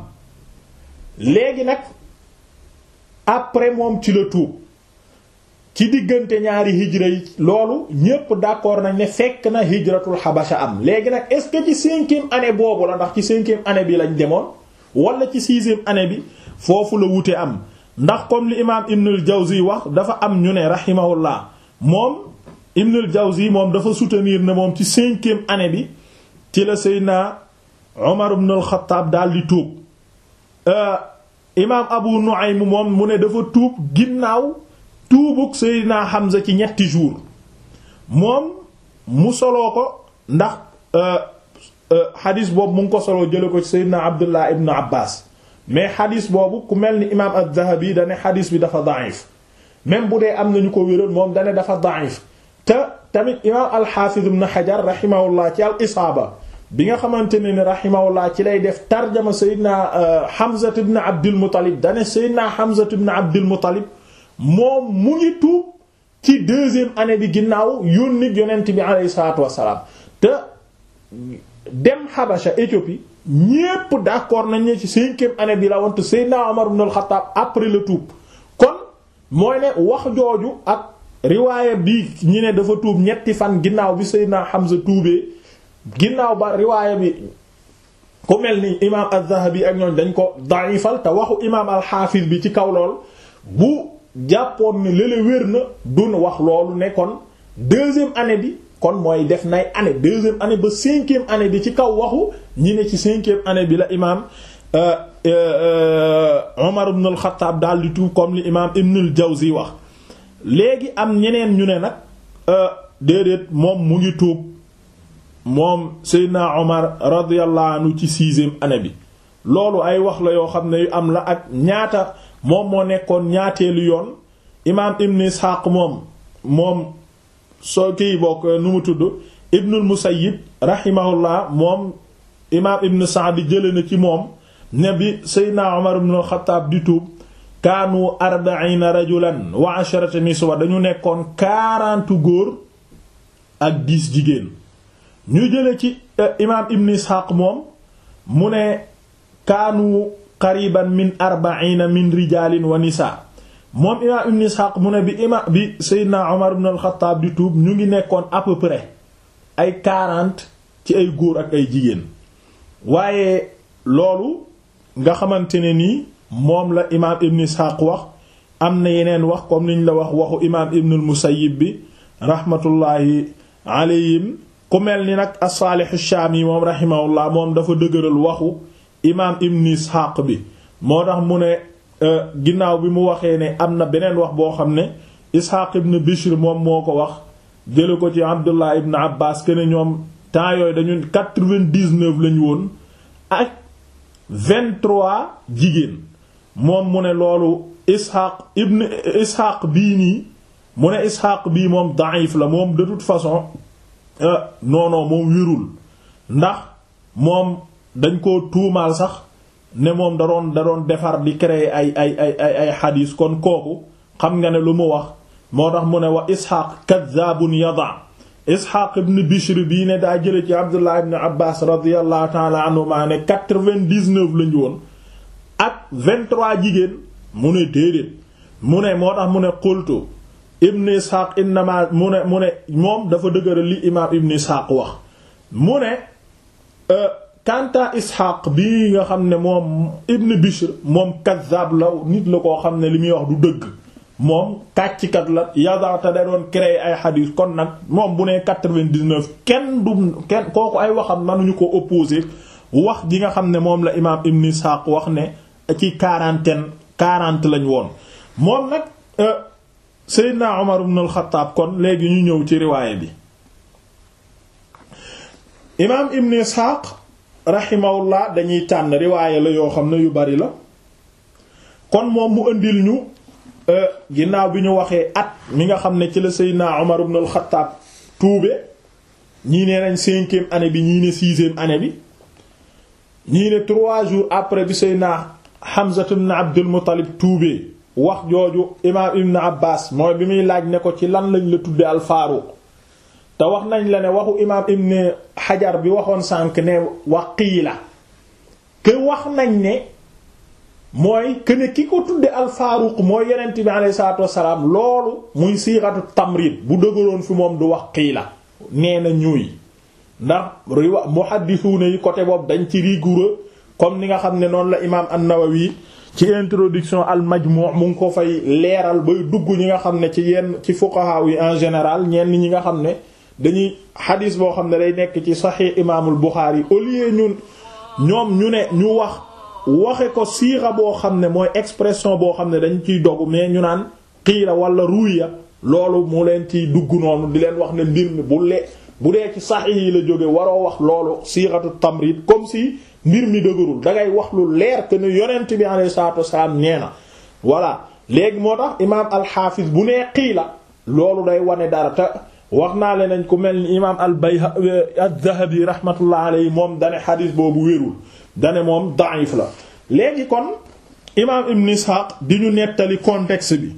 léegi nag après moom ci la tuub ci diggante ñaari hijra yi loolu ñépp d'accord nañ ne fekk na hijratul Habasha am léegi nag est-ce que ci cinquième année boobu la ndax ci cinquième année bi lañ demoon wala ci sixième année bi foofu la wute am ndax comme li imaam Ibnul Jawzi wax dafa am ñu ne rahimahullah moom Ibnul Jawzi moom dafa soutenir na moom ci cinquième année bi ci la naa Omar ibnul Xattaab daal di tuub euh, imaam Abu Nu'aym moom mu ne dafa tuub ginnaaw tuubug Seydina Hamza ci ñetti jour moom mu soloo ko ndax. Euh, Euh, xadis boobu mu ngi ko soloo jële ko ci Seydina Abdullah ibn Abbas mais xadis boobu ku mel ni imaam az-Zahabi dane xadis bi dafa da'if même bu dee am nañu ko moom dane dafa da'if te tamit imaam al-Hafiz ibn ci al-Isaaba bi nga xamante ne ni rahimahullah ci lay def tarjama Seydina euh, Hamza ibn Abdul Muttalib dane Seydina Hamza ibn Abdul Muttalib moom mu ngi tuub ci deuxième année bi ginnaaw yónni yonent bi alayhi salaatu wassalaam te dem Habasha Éthiopie ñépp d'accord nañ ne ci cinquième année bi la woon te Seydina Omar ibn al-Khattab après le tuub kon mooy ne wax jooju ak riwaaya bi ñi ne dafa tuub ñetti fan ginnaaw bi Seydina Hamza tuubee ginnaaw ba riwaaya bi ku mel ni imaam az-Zahabi ak ñooñ dañ ko dayifal te waxu imaam al-Hafiz bi ci kaw lool bu jàppoon ni lële wér na dun wax loolu ne kon deuxième année bi kon mooy def nay année deuxième année ba cinquième année bi ci kaw waxu ñi ne ci cinquième année bi la imaam euh, euh, euh, Omar ibn al-Khattab daal di tuub comme li imaam Ibn al-Jawzi wax léegi am ñeneen ñu ne nag déedéet moom mu ngi tuub moom Seydina Omar radiyallahu anhu ci sixième année bi loolu ay wax la yoo xam ne yu am la ak ñaata moom moo nekkoon ñaateelu yoon imaam Ibn Ishaq moom moom. soo kii bokk euh, nu mu tudd ibnul musayyib rahimahullah moom imaam ibn saadi jële na ci moom ne bi seydna omar ibnul xataab di tuub kaanu rajulan wa asharata niswa dañu nekkoon 40 góor ak 10 jigéen ñu jële ci euh, imaam ibn isxaaq moom mu ne kaanu qariban min arbaina min rijaalin wa nisaa moom imaam ibn Ishaq mu ne bi ima bi Seydina Omar ibn al-Khattab di tuub ñu ngi nekkoon à peu près ay quarante ci ay góor ak ay jigéen waaye loolu nga xamante ne nii moom la imaam ibn Ishaq wax am na yeneen wax comme niñ la wax waxu imaam ibn al-Musayyib bi rahmatullahi alayhim ku mel ni nag as-Salih ash-Shami moom rahimahullah dafa dëgëral waxu imaam ibn Ishaq bi moo tax mu ne Euh, ginnaaw bi mu waxee ne am na beneen wax boo xam ne Isxaaq ibn Bishr moom moo ko wax jële ko ci Abdullah ibn Abbas que ne ñoom temps yooyu dañu quatre-vingt-dix-neuf lañu woon ak jigéen moom mu ne loolu Isxaaq ibn Isxaaq bii nii mu ne Isxaaq bii moom da'if la moom de toute façon euh, non non moom wirul ndax moom dañ ko tuumaal sax ne moom da doon da doon defar di créer ay ay ay ay ay xadiis kon kooku xam nga ne lu mu wax moo tax mu ne wa isxaaq kaddaabun yada isxaaq ibn bishr bii ne daa jële ci abdullah ibn abbas radiallahu taala anhuma ne quatre-vingt-dix-neuf lañu woon ak vingt-trois jigéen mu ne déedéet mu ne moo tax mu ne qultu ibn isxaaq innama mu ne mu ne moom dafa dëgëral li imaam ibn isxaaq wax mu ne euh, kanta Isxaaq bi nga xam ne moom Ibn Bishr moom kazzab la nit la koo xam ne li muy wax du dëgg moom kàccikat la yadaata da doon créer ay xadiis kon nag moom bu ne quatre-vingt-dix-neuf kenn du kenn kooku ay waxam manuñu ko opposer wax ji nga xam ne moom la imaam Ibn Isxaaq wax ne ci quarantaine quarante lañu woon moom nag euh, Seydina Umar ibn al kon léegi ñu ñëw ci riwaay bi rahimahullah dañuy tànn riwaaye la yoo xam ne yu bari la kon moom mu indil ñu euh, ginnaaw bi ñu waxee at mi nga xam ne ci la Seydina Omar ibn al tuube ñii ne nañ cinquième année bi ñii ne année bi ñii ne trois jours après bi Seydina Hamza ibn Abdul Muttalib tuube wax jooju imaam Ibn Abbas mooy bi muy laaj ne ko ci lan lañ la tudde al-Faaruq te wax nañ la ne waxu imaam ibn xajar bi waxoon sànq ne wax waqiila ke wax nañ ne mooy que ne ki ko tudde alfaaruq mooy yonent bi alayhi salaatu wassalaam loolu muy siixatu tamrid bu dëgëroon fi moom du wax qiila nee na ñuy ndax riwa muhaddisuuna yi côté boobu dañ ci rigoureux comme ni nga xam ne noonu la imaam an-Nawawi ci introduction al majmu' mu ngi ko fay leeral bay dugg ñi nga xam ne ci yenn ci fuqaha yi en général ñenn ñi nga xam ne dañuy xadiis boo xam ne day nekk ci saxiix imaamul Buxaari au lieu ñun ñoom ñu ne ñu wax waxe ko siixa boo xam ne mooy expression boo xam ne dañ ciy dogu mais ñu naan xiira wala ruya loolu mu leen ci dugg noonu di leen wax ne mbir mi bu le bu dee ci saxiix yi la jóge waroo wax loolu siixatu tamrid comme si mbir mi dëgërul dangay wax lu leer que ne yonent bi alayhi salaatu wasalaam nee na voilà léegi moo tax imaam alxaafis bu nee xiila loolu day wane dara te wax naa leen nañ ku mel ni imaam al-Bayhaqi euh, az-Zahabi moom dane xadis boobu wérul dane moom da'if la léegi kon imaam Ibn Ishaq di ñu bi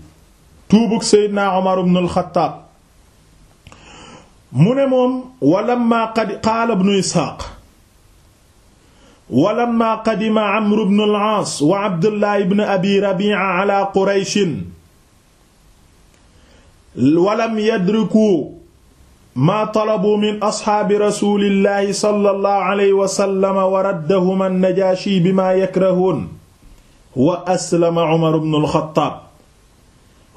tuubug Seydina Omar ibn al-Khattab mu ne moom walamma qad Ishaq walamma qadima Amr ibn al-Aas wa Abdullah ibn Abi Rabi'a ala Quraysh walam yadriku maa talabu min asxaabi rasulillahi sallallahu alayhi wa sallam wa raddahum annajaashi bimaa yakrahuun wa aslama umar ibn alxattaab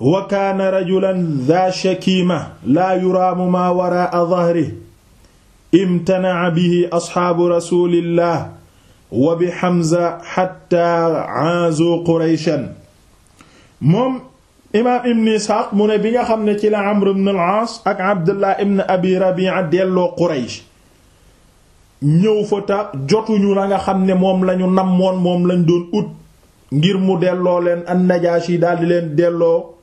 wa kaana rajulan daa shakiima laa yuraamu maa waraa'a dahrihi imtana'a bihi asxaabu rasulillah wa bi Hamza hattaa aazuu qurayshan moom imaam ibn Isxaaq mu ne bi nga xam ne ci la Amr ibn al-Aas ak Abdullah ibn Abi Rabi'a delloo Quraysh ñëw fa ta jotuñu la nga xam ne moom lañu namoon moom lañ doon ut ngir mu delloo leen an-Najaashi daldi leen delloo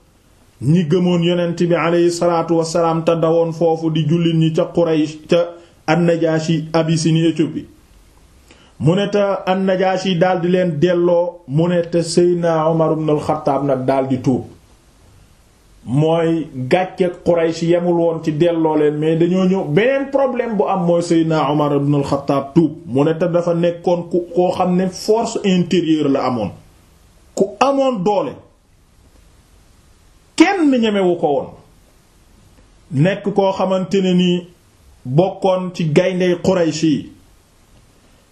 ñi gëmoon yonent bi aleyhi salaatu te dawoon foofu di jullit ñi ca Quraysh ca an-Najaashi Abyssinie Éthiopie mu ne te an-Najaashi daldi leen delloo mu ne te Seydina Umar ibn al nag daldi tuub mooy gàcceeg Quraysh yemul woon ci delloo leen mais dañoo ñëw beneen problème bu am mooy Seydina Omar ibn al tuub mu ne te dafa nekkoon ku koo xam ne force intérieure la amoon ku amoon doole kenn ñemewu ko woon nekk koo xamante ne nii bokkoon ci gayndey Quraysh yi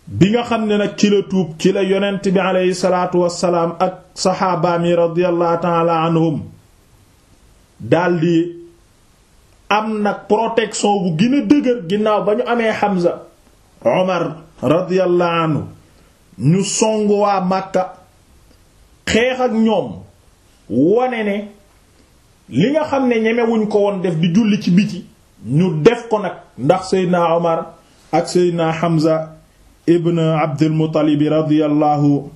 bi nga xam ne nag ci la tuub ci la yonent bi aleyhi salaatu wassalaam ak saxaabaam yi radiyallahu ta'ala anhum daldi am nag protection bu gën a dëgër ginnaaw ba ñu amee Hamza Omar radiyallahu ñu song waa Makka xeex ak ñoom wane ne li nga xam ne ñemewuñ ko woon def di julli ci biti ñu def ko nag ndax Seydina Omar ak Seydina Hamza ibn Abdul Muttalib radiyallahu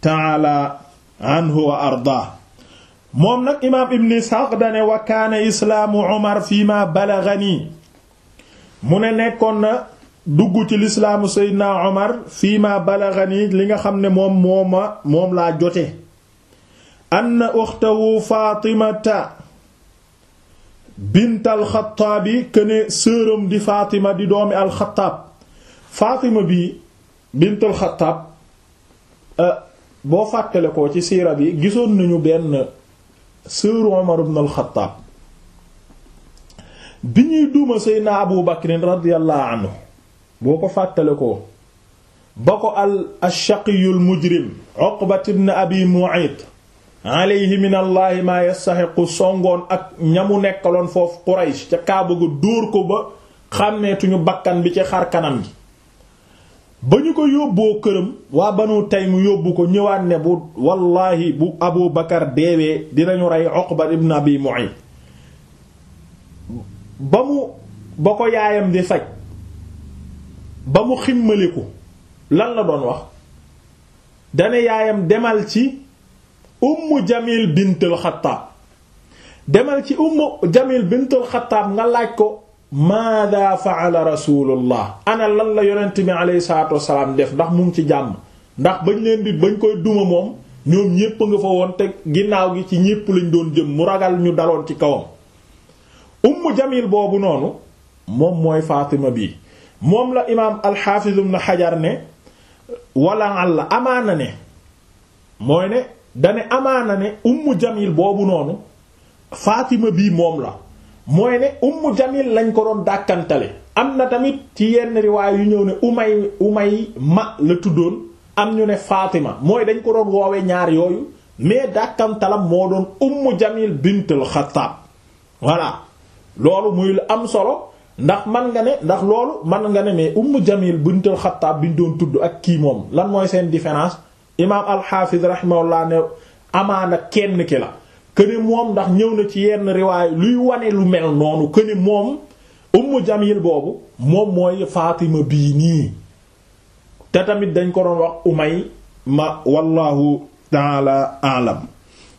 ta'ala anhu ardaa moom nag imaam ibn Isxaaq dane wa islaamu Umar fii ma mu ne nekkoon na dugg ci lislaamu Seydina Umar fii ma li nga xam ne moom moom laa jote anna uxtahu Faatimata bint alxataabi këne sëram di Faatima di doomi alxataab Faatima bi bint alxataab eh, boo fàttale ko ci siira bi gisoon nañu benn sëru bi ñuy duma Seydina Abu Bakr radiyallahu anhu boo ko fàttale ko ba ko al ashaqiyul mujrim Uqbat ibn Abi Mu'ayt alayhi min songoon ak ñamu nekkaloon foofu Quraysh ca Kaaba ga dóor ko ba xàmmeetuñu bakkan bi ci xar kanam gi ba ñu ko yóbboo këram waa banu tay mu yóbbu ko ñëwaat ne bu wallaahi bu abu bakar deewee dinañu rey Uqba ibn Abi Mu'ayt ba mu ba ko yaayam di faj ba mu ximmaliku lan la doon wax dane yaayam demal ci umm Jamil bintul Xattaab demal ci umm Jamil bintul Xattaab nga laaj ko maada faala rasulullah ana lan la yonent bi alayhi salaatu wasalaam def ndax mu ngi ci jàmm ndax bañ leen di bañ koy duma moom ñoom ñépp a nga fa woon te ginnaaw gi ci ñépp lañ doon jëm mu ragal ñu daloon ci kawam ummu jamil boobu noonu moom mooy faatima bii moom la imaam alxaafiz ibn xajar ne wala àlla amaana ne mooy ne dane amaana ne ummu jamil boobu noonu faatima bii moom la mooy ne ummu jamil lañ ko doon dàkkantale am na tamit ci yenn riwaay yu ñëw ne umay umay ma la tuddoon am ñu ne Fatima mooy dañ ko doon woowe ñaar yooyu mais dàkkantalam moo doon ummu jamil bintul xattaab voilà loolu muy lu am solo ndax man nga ne ndax loolu man nga ne mais ummu jamil bintul xattaab biñ doon tudd ak kii moom lan mooy seen différence imaam alxaafis rahimahullah ne amaana kenn ki la këne moom ndax ñëw na ci yenn riwaay luy wane lu mel noonu këne moom ummu jamil boobu moom mooy Fatima bii nii te tamit dañ ko wax umay ma wallahu taala alam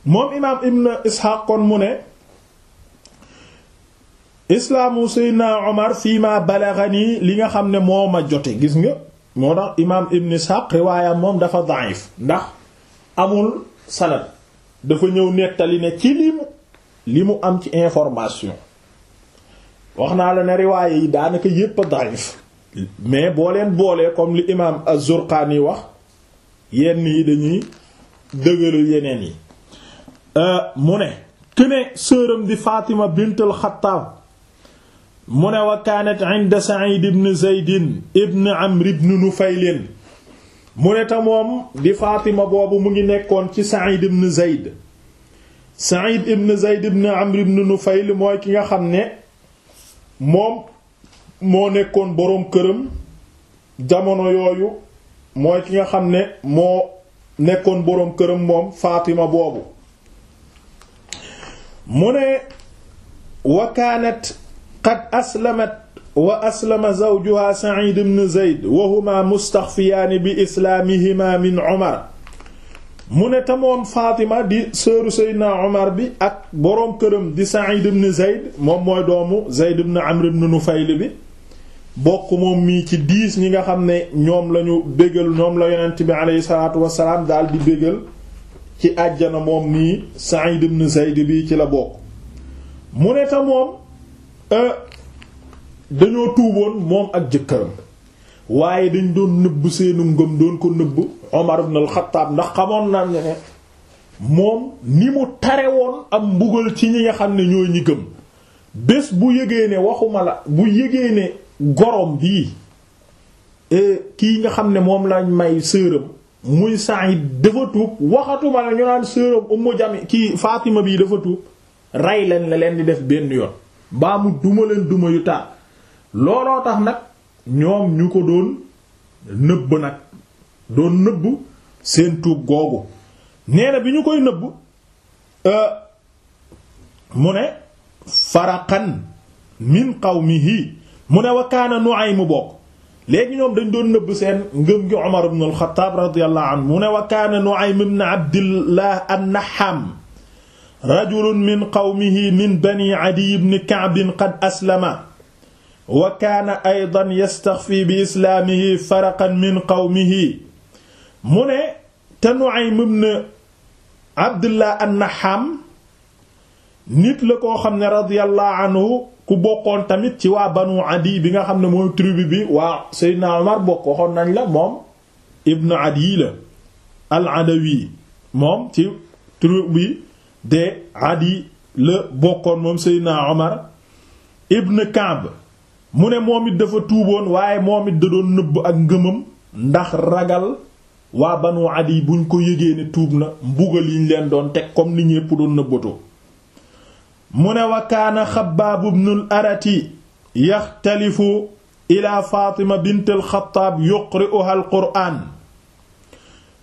moom imaam ibn isxaaq kon mu ne islaamu seydna omar fii ma balaghani li nga xam ne moo ma jote gis nga moo tax imaam ibn isxaaq riwaayam moom dafa daif ndax amul sanad dafa ñëw nettali ne ci li mu li mu am ci information wax naa la ne riwaaye yi daanaka yépp a mais boo leen boolee comme li imaam Az-Zurqaani wax yenn yi dañuy dëgëral yeneen yi euh, mu ne këne sëram di Fatima bint al-Xattaab mu ne wa kaanat inda Sa'id ibn Zayd ibn Amr ibn Nufayl mu ne ta moom di faatima boobu mu ngi nekkoon ci Sa'id ibn Zayd Sa'id ibn Zayd ibn Amr ibn Nufayl mooy ki nga xam ne moom moo nekkoon boroom këram jamono yooyu mooy ki nga xam ne moo nekkoon boroom këram moom Fatima boobu mu ne wa qad aslamat wa aslama zawjuha Sa'id ibn Zayd wa huma mustaxfiyaani bi islaamihima min Umar mu ne tamoon Fatima di sëru Seydina Umar bi ak boroom këram di Sa'id ibn Zayd moom mooy doomu Zayd ibn Amr ibn bi bokk moom mii ci diis ñi nga xam ne ñoom lañu bégal ñoom la yonent bi aleyhi salaatu wassalaam daal di bégal ci àjjana moom nii Sa'id ibn Zayd bi ci la bokk mu ne tamoon euh, dañoo tuuboon moom ak jëkkëram waaye dañ doon nëbb seenu ngëm doon ko nëbb Omar ibn al-Khattab ndax xamoon naa ne moom ni mu tare woon am mbugal ci ñi nga xam ne ñoo ñi gëm bés bu yëgee ne waxuma la bu yégee ne gorom bii e, kii nga xam ne moom lañ may sëram muy Sa'id dafa tuub waxatuma la ñu naan sëram Ummu Jami kii Fatima bii dafa tuub rey leen la leen di def benn yoon baa mu duma leen duma yu taa looloo tax nag ñoom ñu ko doon nëbb nag doon nëbb seen tuub googu nee na bi ñu koy nëbb euh, mu ne faraqan min qawmihi mu ne wa kaana Nu'aym bokk léegi ñoom dañ doon nëbb seen ngëm gi Umar ibn al-Khattab radiyallahu anhu mu ne wa kaana Nu'aym ibn Abdillah an-Nahham rajulun min qawmihi min bani Adiy ibn Ka'b qad aslama wa kaana aydan yastaxfi bi islaamihi faraqan min qawmihi mu ne te Nu'aym ibn Abdullah an-Nahham nit la koo xam ne radiyallahu ku bokkoon tamit ci waa Banu Adi bi nga xam ne mooy tribu bi waa Seydina Omar bokk waxoon nañ la moom ibn Adi la al-Adawi moom ci tribu de Adi la bokkoon moom Seydina Omar ibn Ka'b mu ne moom it dafa tuuboon waaye moom it da doon nëbb ak ngëmam ndax ragal waa banu adi buñ ko yëgee ne tuub na mbugal yiñ leen doon teg comme ni ñépp doon nëbbatoo mu ne wa kaana xabaab ibnul arati yaxtalifu ila faatima bint alxataab yuqri'uha alquraan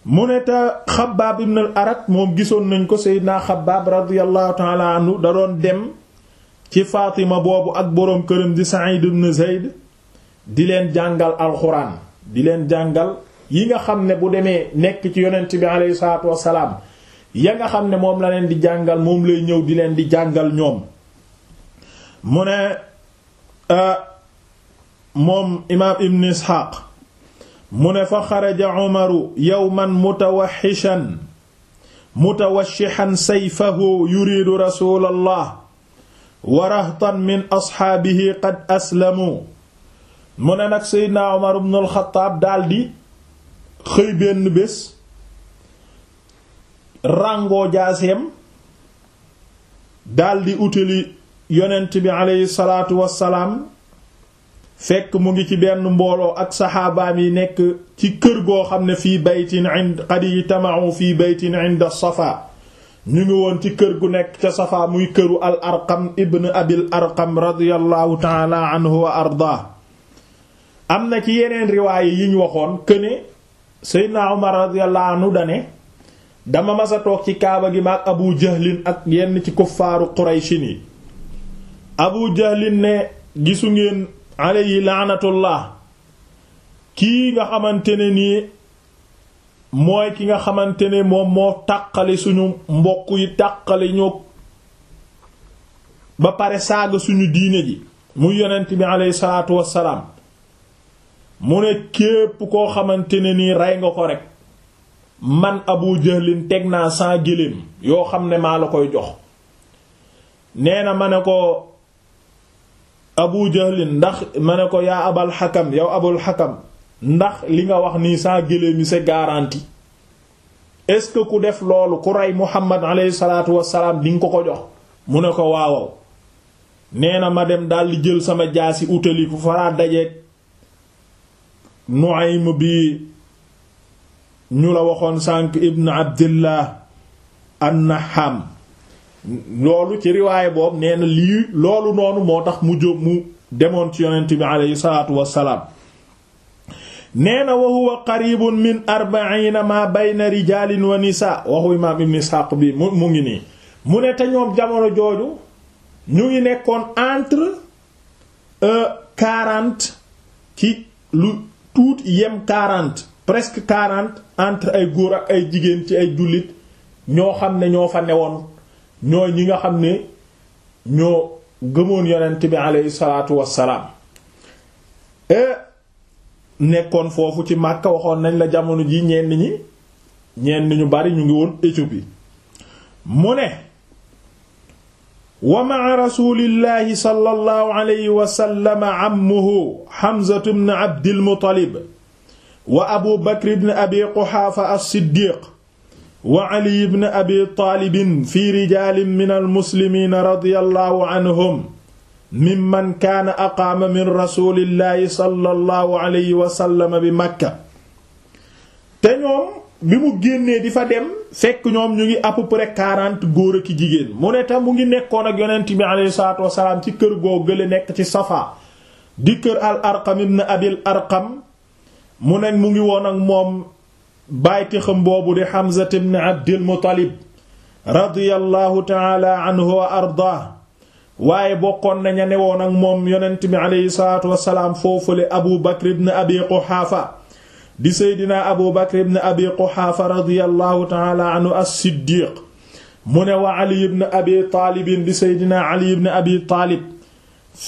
mu ne te xabaab ibnul arat moom gisoon nañ ko seydinaa xabaab radiyallahu taala anhu da doon dem ci faatima boobu ak boroom këram di Sa'id ibn Zayd di leen jàngal alxuraan di leen jàngal yi nga xam ne bu demee nekk ci yonent bi aleyhi salaatu wassalaam ya nga xam ne moom la leen di jàngal moom lay ñëw di leen di jàngal ñoom mu ne euh, moom imaam ibn Isxaaq mu ne fa xaraja Umaru yawman mutawaxishan mutawashihan sayfahu yuridu rasulallah wa rahtan min asxaabihi qad aslamu mu ne nag seydna Umar ibn al daldi xëy benn bés ràngoo jaaseem daldi utali yonent bi aleyhi salaatu wassalaam fekk mu ngi ci benn mbooloo ak saxaabaam yi nekk ci kër goo xam ne fii baytin ind qad ijtama'u fii baytin inda ñu ngi woon ci kër gu nekk ca Safa muy këru al arqam ibn abil arqam radiyallahu taala anhu ardaa am na ci yeneen riwaaye yi ñu waxoon këne seydna umar radiyallahu anhu dane dama masa toog ci kaaba gi maag abu jahlin ak yenn ci kuffaaru quraysin yi abu jahlin ne gisu ngeen alayhi laanatullah kii nga xamante ne nii mooy ki nga xamante ne moom moo taqali suñu mbokk yi tàqale ñoo ba pare saaga suñu diine ji muy yonent bi aleyhi salaatu wassalaam mu ne képp koo xamante ne nii rey nga ko rekk man abu jëlin teg naa sans géléem yoo xam ne maa la koy jox nee na ma ne ko abu jahlin ndax ma ne ko yaa abal xakam yow abul xakam ndax li nga wax nii saa géléem yi c'est garanti est-ce ku def loolu ku rey Muhammad alayhi salaatu wassalaam di nga ko ko jox mu ne ko waawaw nee na ma dem daldi jël sama jaasi utali fu faraa dajeeg mu bi ñu la waxoon sànq ibn Abdillah an-Nahham loolu ci riwaay boobu nee na lii loolu noonu moo tax mu jóg mu demoon ci yonent bi alayhi wassalaam nee na wa huwa qaribun ma bayna rijalin wa nisa waxu imaam ibn Ishaq bi mu mu ngi nii mu ne te ñoom jamono jooju ñu ngi nekkoon entre euh, quarante ci lu tuuti yem quarante presque quarante entre ay góor ak ay jigéen ci ay jullit ñoo xam ne ñoo fa woon ñoo ñi nga xam ne ñoo gëmoon yenent bi aleyhi salaatu wassalaam euh, nekkoon foofu ci Makka waxoon nañ la jamono ji ñenn ñu bari ñu ngi woon Éthiopie mu ne wa ma'a rasulillahi sallallahu alayhi wa sallam ammuhu Abdil Muttalib wa Abu Bakr ibn Abi Quhaafa as-Siddiq wa Ali ibn Abi Taalib fi rijaalin minal muslimiin radiyallahu anhum mimman kaana aqaama min rasulillahi sallallahu alayhi wa sallam bi makka te ñoom bi mu génnee di fa dem fekk ñoom ñu ngi à peu quarante góor ak jigéen mu ne tam mu ngi nekkoon ak yonent bi alayhi salaatu wasalaam ci kër goo gële nekk ci Safa di kër al arqam ibn abil arqam mu ne mu ngi woon ak moom bàyti xam boobu di Hamza ibn Abdil Muttalib radiyallahu taala anhu wa ardaa waaye bokkoon naña newoon ak moom yonent bi aleyhi salaatu wasalaam foofule abu bakr ibn abi quxaafa di seydina abu bakr ibn abi quxaafa radiyallahu taala anhu as-siddiq mu ne wa ali ibn abi taalib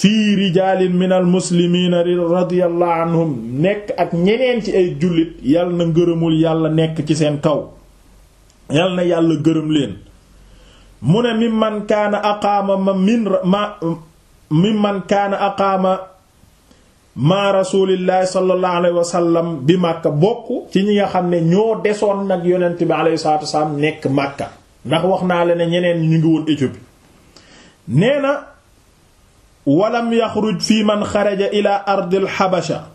fii rijaalin min almuslimiina radiyallahu anhum nekk ak ñeneen ci ay jullit yal na ngërëmul yàlla nekk ci seen kaw yal na yàlla gërëm leen mu ne mimman kaana aqaama ma min ma mimman kaana aqaama ma rasulillahi sallallahu alayhi wa sallam bi màkka bokk ci ñi nga xam ne ñoo desoon nag yonent bi alayhi salaatu wasalaam nekk màkka ndax wax naa la ne ñeneen ñu ngi woon Éthiopie nee na walam yaxruj fii man xaraja ila ardil xabasha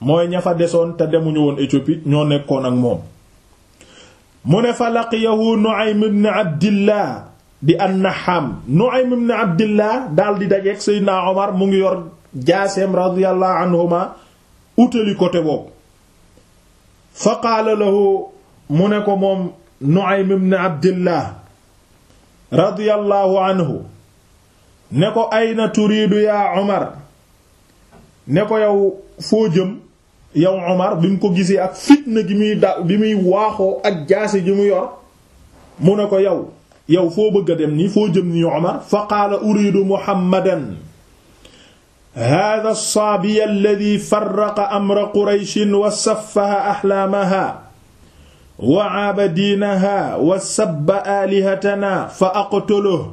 mooy ña fa desoon te demuñu woon Éthiopie ñoo nekkoon ak moom mu ne fa laqiyahu Nu'aym ibn Abdillah di an-Nahham Nu'aym ibn Abdillah daal di dajeeg Omar mu ngi yor jaaseem radiyallahu anhuma utali côté boobu fa qaala lahu mu ne ko moom Nu'aym ibn Abdillah radiyallahu anhu ne ko ayna turiidu yaa Omar ne ko yow foo jëm yow Omar bi mu ko gisee ak fitna gi muy da bi muy waaxoo ak jaase ji mu yor mu ne ko yow yow foo bëgg a dem nii foo jëm nii Omar fa qaala uridu Muhammadan hada saabiya alladi farraqa amra qurayshin wa safaha axlaamaha wa aaba diinaha wa sabba aalihatana fa aqtuluhu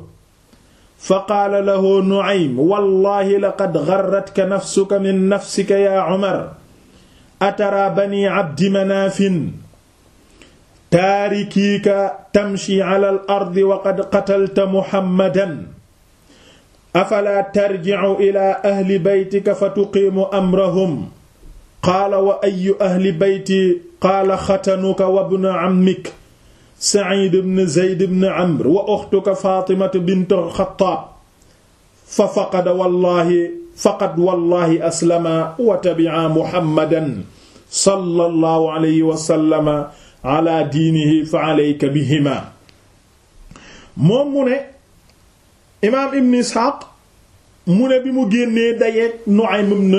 fa qaala lahu Nucaym wallaahi laqad garratka nafsuka min nafsika yaa Umar atara bani abdi manaafin taarikiika tamshi ala al ardi wa qad qatalta muhammadan afalaa tarji'u ila ahli baytika fa tuqiimu amrahum qaala wa ayu ahli bayti qaala xatanuka wa bnu ammik saciid bn zayd bn amr wa uxtuka faatimatu bint xattaab fa faqada wallaahi faqad wallahi aslama wa tabi'a muhammadan sallallahu alayhi wa sallama ala diinihi fa alayka bihima moom mu ne imaam ibn isxaaq mu ne bi mu génnee dayeeg Nu'aym ibn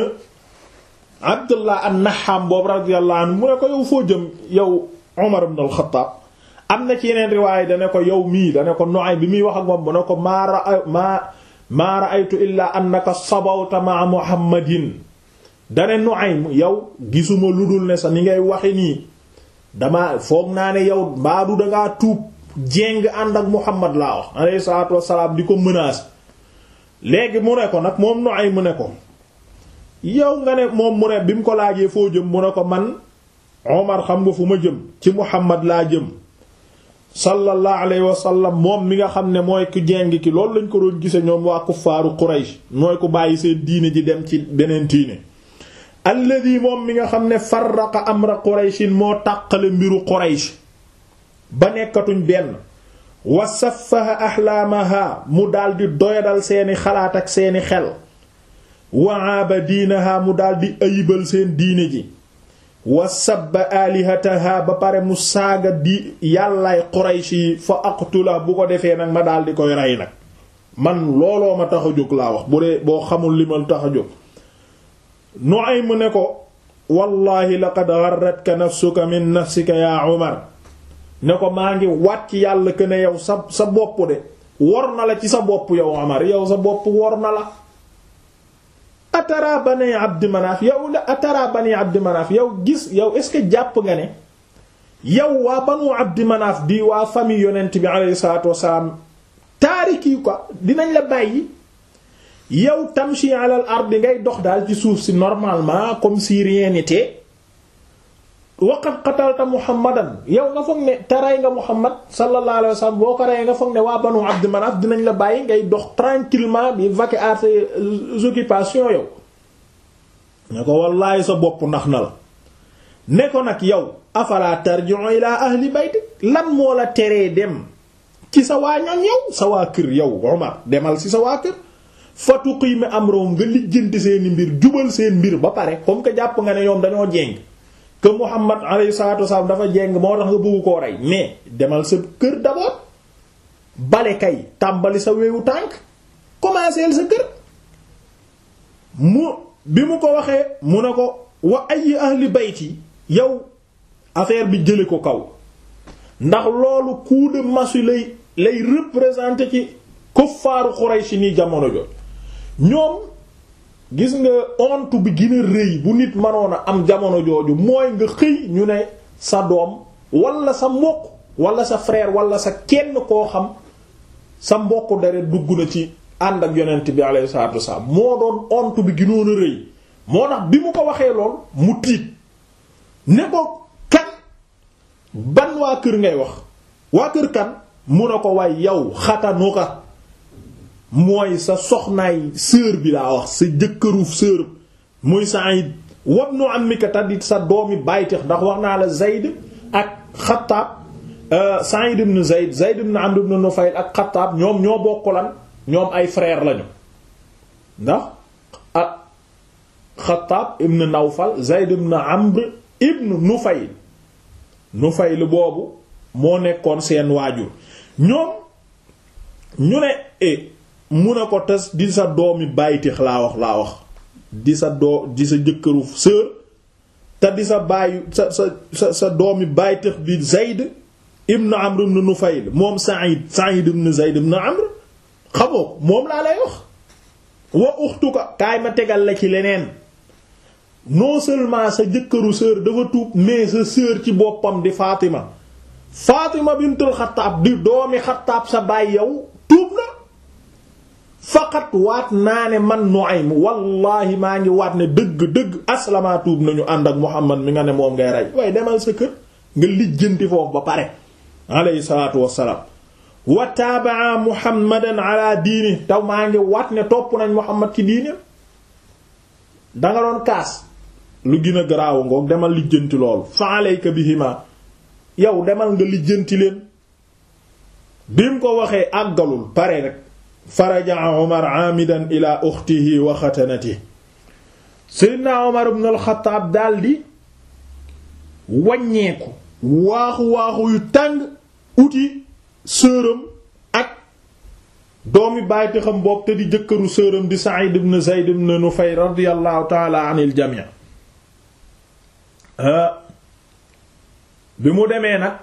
Abdullah an-Nahham boobu radiyallahu anhu mu ne ko yow foo jëm yow Umar ibn al-Khattab am na ci yeneen riwaaya dane ko yow mii dane ko Nu'aym bi muy wax ak moom mu ne ko maa maa maa ra'aytu illaa annaka sabawta ma'a muhammadin dane Nu'aym yow gisuma lu dul ne sax ni ngay waxe nii dama foog naa ne yow mbaadu dangaa tuub jéng ànd ak muhammad laa wax alayhi salaatu wassalaam di ko menacer léegi mu ne ko nag moom Nu'aym mu ne ko yow nga ne moom mu ne bi mu ko laajee foo jëm mu ne ko man Omar xam nga fu ma jëm ci muhammad laa jëm sallallahu alayhi wa sallam moom mi nga xam ne mooy ku jeng ki loolu lañ ko doon gise ñoom waa kuffaaru Quraysh mooy ko bàyyi seen diine ji dem ci beneen diine alladi moom mi nga xam ne farraqa amra Qurayshin moo tàqale mbiru Quraysh ba nekkatuñ benn wa saffaha ahlaamaha mu daldi doyadal seeni xalaat ak seeni xel wa aaba diinaha mu daldi ayibal seen diine ji wa sabba alihataha ba pare mu saaga bi yàllaay Quraysh yi fa aqtula bu ko defee nag ma daal di koy rey nag man looloo ma tax a jóg laa wax bu boo xamul li ma tax a jóg mu ne ko wallahi laqad gharratka nafsuka min nafsika ya Umar ne ko maa ngi wàcc yàlla que ne yow sa sa bopp de wor na la ci sa bopp yow Umar yow sa bopp wor na la atara bani abdi manaaf yow la atara bani abdi manaaf yow gis yow est-ce que jàpp nga ne yow waa banu abdi manaaf di waa famille yonent bi alayhi salaatu wasalaam taariki ko dinañ la bàyyi yow tamshi alal ardi ngay dox daal ci suuf si normalement comme si rien waqad qatalta muhammadan yow nga foog ne te rey nga muhammad sallallahu alayhi wa boo ko reyee nga foog ne waa banu abd manaf dinañ la bàyyi ngay dox tranquillement bi vaquer à ses euh, occupations ne ko wallaay sa bopp ndax na la ne ko nag yow afala tarji'u ila ahli baytik lan moo la teree dem ci sa waa ñoñ yow sa waa kër yow Omar demal ci sa waa kër fa tuqiima amro nga lijjanti seeni mbir jubal seen mbir ba pare comme que jàpp nga ne ñoom dañoo jéng que Muhammad alayhi salaatu wasallam dafa jeng moo tax nga bëgg koo rey mais demal sa kër d'abord bale kay tàmbali sa wewu tànk commencé sa kër mu bi mu ko waxee mu ne ko wa ay ahli bayti yow affaire bi jële ko kaw ndax loolu coup de massue lay lay représenter ci kuffaaru Quraysh nii jamono jot ñoom gis nga honte bi gën rëy bu nit mënoon a am jamono jooju mooy nga xëy ñu ne sa doom wala sa mbokk wala sa frère wala sa kenn koo xam sa mbokk dere dugg na ci ànd ak yonent bi alayhi salaatu wasalaam moo doon honte bi gënoon a rëy moo tax bi mu ko waxee lool mu tiit ne ko kan ban waa kër ngay wax waa kër kan mu ne ko waay yow xatanuka mooy sa soxnaay sœur bi laa wax sa jëkkëru sœur muy sa ay wabnu ammika taddi sa doomi bàytix ndax wax naa la Zayd ak Xattaab euh, Sa'id ibn Zayd ibn Amr ibn ak Xattaab ñoom ñoo ñoom ay frère lañu ndax ak Xattaab ibn Nawfal Zayd ibn Amr ibn Nufayl boobu moo nekkoon seen waajur ñoom ñu ne eh, mu ne ko tes di sa doomi bàyyitix laa wax laa wax di sa doo di sa jëkkëru sër te di sa bàyyi sa sa sa sa doomi bàyyitix bi Zayd ibn Amr ibn Nufayl moom Sa'id Sa'id ibn Zayd ibn Amr xamoo moom laa lay wax wa uxtuka kaay ma tegal la ci leneen non seulement sa jëkkëru sœur dafa tuub mais sa sœur ci boppam di Fatima Fatima bintul Xattaab di doomi Xattaab sa baay yow tuub na faqat waat naa ne man Nu'aym wallahi maa ngi waat ne dëgg-dëgg aslama tuub nañu ànd ak Muhammad mi nga ne moom ngay rey waaye demal sa kër nga lijjanti foofu ba pare alayhi salaatu wassalaam wa taabaa Muhammadan ala diini taw maa ngi waat ne topp nañ Muhammad ci diine danga doon kaas lu gën a garaaw ngoog demal lijjanti loolu fa alayka bihima yow demal nga lijjanti leen bi mu ko waxee àggalul pare rek faraja Umar aamidan ila uxtihi wa xatanatihi Seydina Umar ibn al-Xattaab daldi wàññeeku waaxu waaxu yu tàng uti sëram ak doomi bàyyite xam boog te di jëkkëru sëram di Saïd ibn Zayd ibn Nufay radiyallahu taala anil jamii bi mu demee nag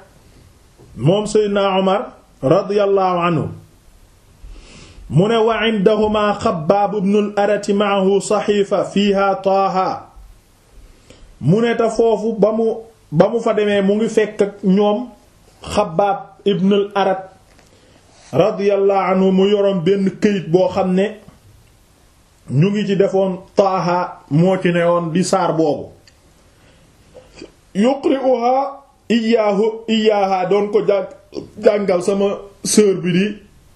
moom Seydina Umar radiyallahu anhu mu ne wa indahumaa xabaab ibnu arati maahu saxiifa fiiha taaha mu ne te foofu ba mu ba mu fa demee mu ngi fekk ak ñoom xabaab ibnu arat radiyallahu anhu mu yoroon benn këyit boo xam ne ñu ngi ci defoon taaha moo ci ne woon di saar boobu yuqri'uha iyaahu iyaaha doon ko jàngal sama sœur bi di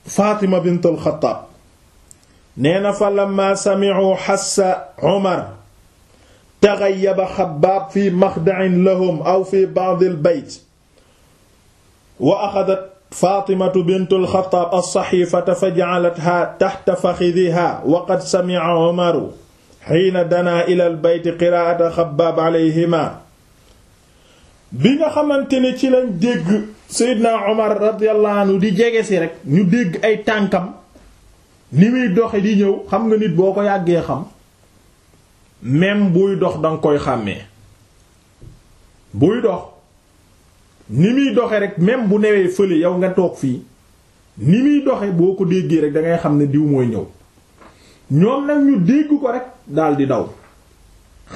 Fatima bint al-Xattaab nee na fa lamma sami'u xassa Umar taxayyaba Xabbaab fi maxda'in lahum aw fi ba'd al-bayt wa axadat Fatimatu bint al-Xattaab as-saxiifata fa ja'alathaa taxta faxidihaa wa qad sami'a Umaru xiina danaa ila al-bayt qiraa'ata Xabbaab alayhimaa bi nga xamante ne ci lañ dégg Seydina Omar radiyallahu anhu di jege si rek ñu dégg ay tànkam ni muy doxe di ñëw xam nga nit boo ko yàggee xam même buy dox danga koy xàmmee buy dox ni muy doxe rek même bu newee fële yow nga toog fii ni muy doxe boo ko déggee rek dangay xam ne diw mooy ñëw ñoom nag ñu dégg ko rek daldi daw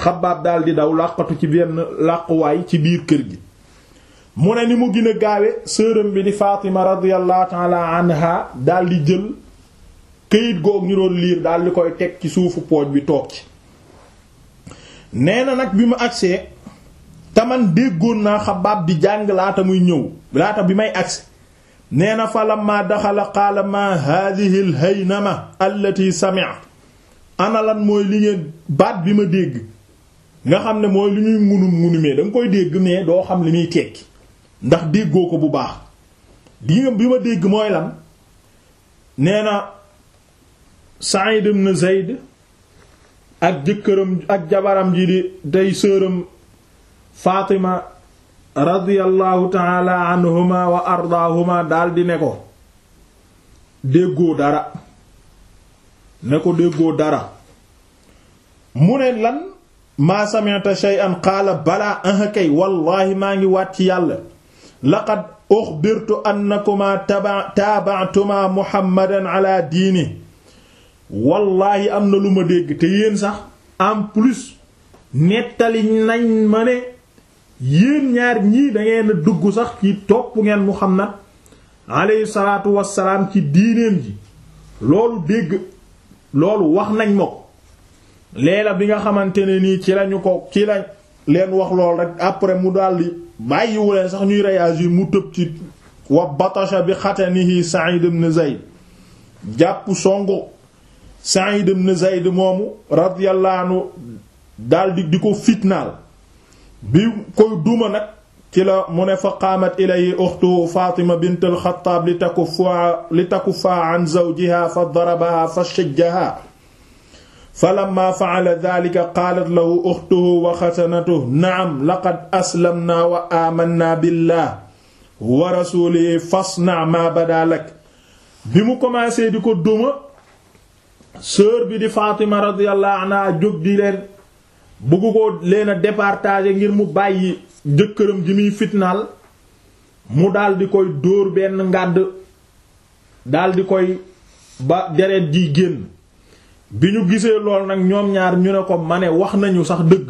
xabaab daldi daw làqatu ci benn làquwaay ci biir kër gi mu ne ni mu gën a gaawe sëram bi di Fatima radiyallahu taala anha daal di jël këyit goog ñu doon liir daal koy teg ci suufu pooj bi toog ci nee na nag bi mu agsee taman déggoon naa Xabaab di jàng laata muy ñëw laata bi may agsi nee na fa lamma daxala a ma hadihi l haynama allati sami'a ana lan mooy li ngeen baat bi ma dégg nga xam ne mooy li ñuy ngunum ngunumee da koy dégg mais doo xam li muy tekki ndax déggoo ko bu baax diggam bi ma dégg mooy lan nee na Sa'id ibn Zayd ak jëkkëram ak jabaram ji di day sëram Fatima radiyallahu taala wa ardaahuma daldi ne ko déggoo dara ne ko déggoo dara mu ne lan maa sami'ta shay'an qaala balaa aha kay wallaahi maa ngi wàcc yàlla laqad uxbirtu annakuma taba taaba'tuma muhammadan ala diini wallaahi am na lu ma dégg te yéen sax en plus nettali nañ ma ne yéen ñaar ñii da dugg sax ci topp ngeen muhammad alayhi salaatu wassalaam ci diineem ji loolu dégg loolu wax nañ ma ko leela bi nga xamante ne nii ci lañu ko ci lañ leen wax lool rek après mu daldi bàyyiwu leen sax ñuy réagir mu tëb wa batasha bi xatanihi Sa'id ibn Zayd jàpp songu Sa'id ibn Zayd moomu radiyallahu anhu daldi di ko fitnaal bi koy duma nag ci la mu ne fa qaamat ilayhi uxtu Fatima bint al-Xattaab li takuffa li takuffa zawjiha fa darabaha fa shajjaha falamma fa'ala dhalika qaalat lahu ukhtuhu wa khatanatuhu na'am laqad aslamna wa amanna billah wa rasulihi fasna' ma bada lak bi mu commencé di ko dóma sœur bi di Fatima radiyallahu anha jóg di leen bëggu ko leen a ngir mu bàyyi jëkkëram ji muy fitnaal mu daldi di koy dóor benn ngàdd daal koy ba deret ji génn bi ñu gisee lool nag ñoom ñaar ñu ne ko ma ne wax nañu sax dëgg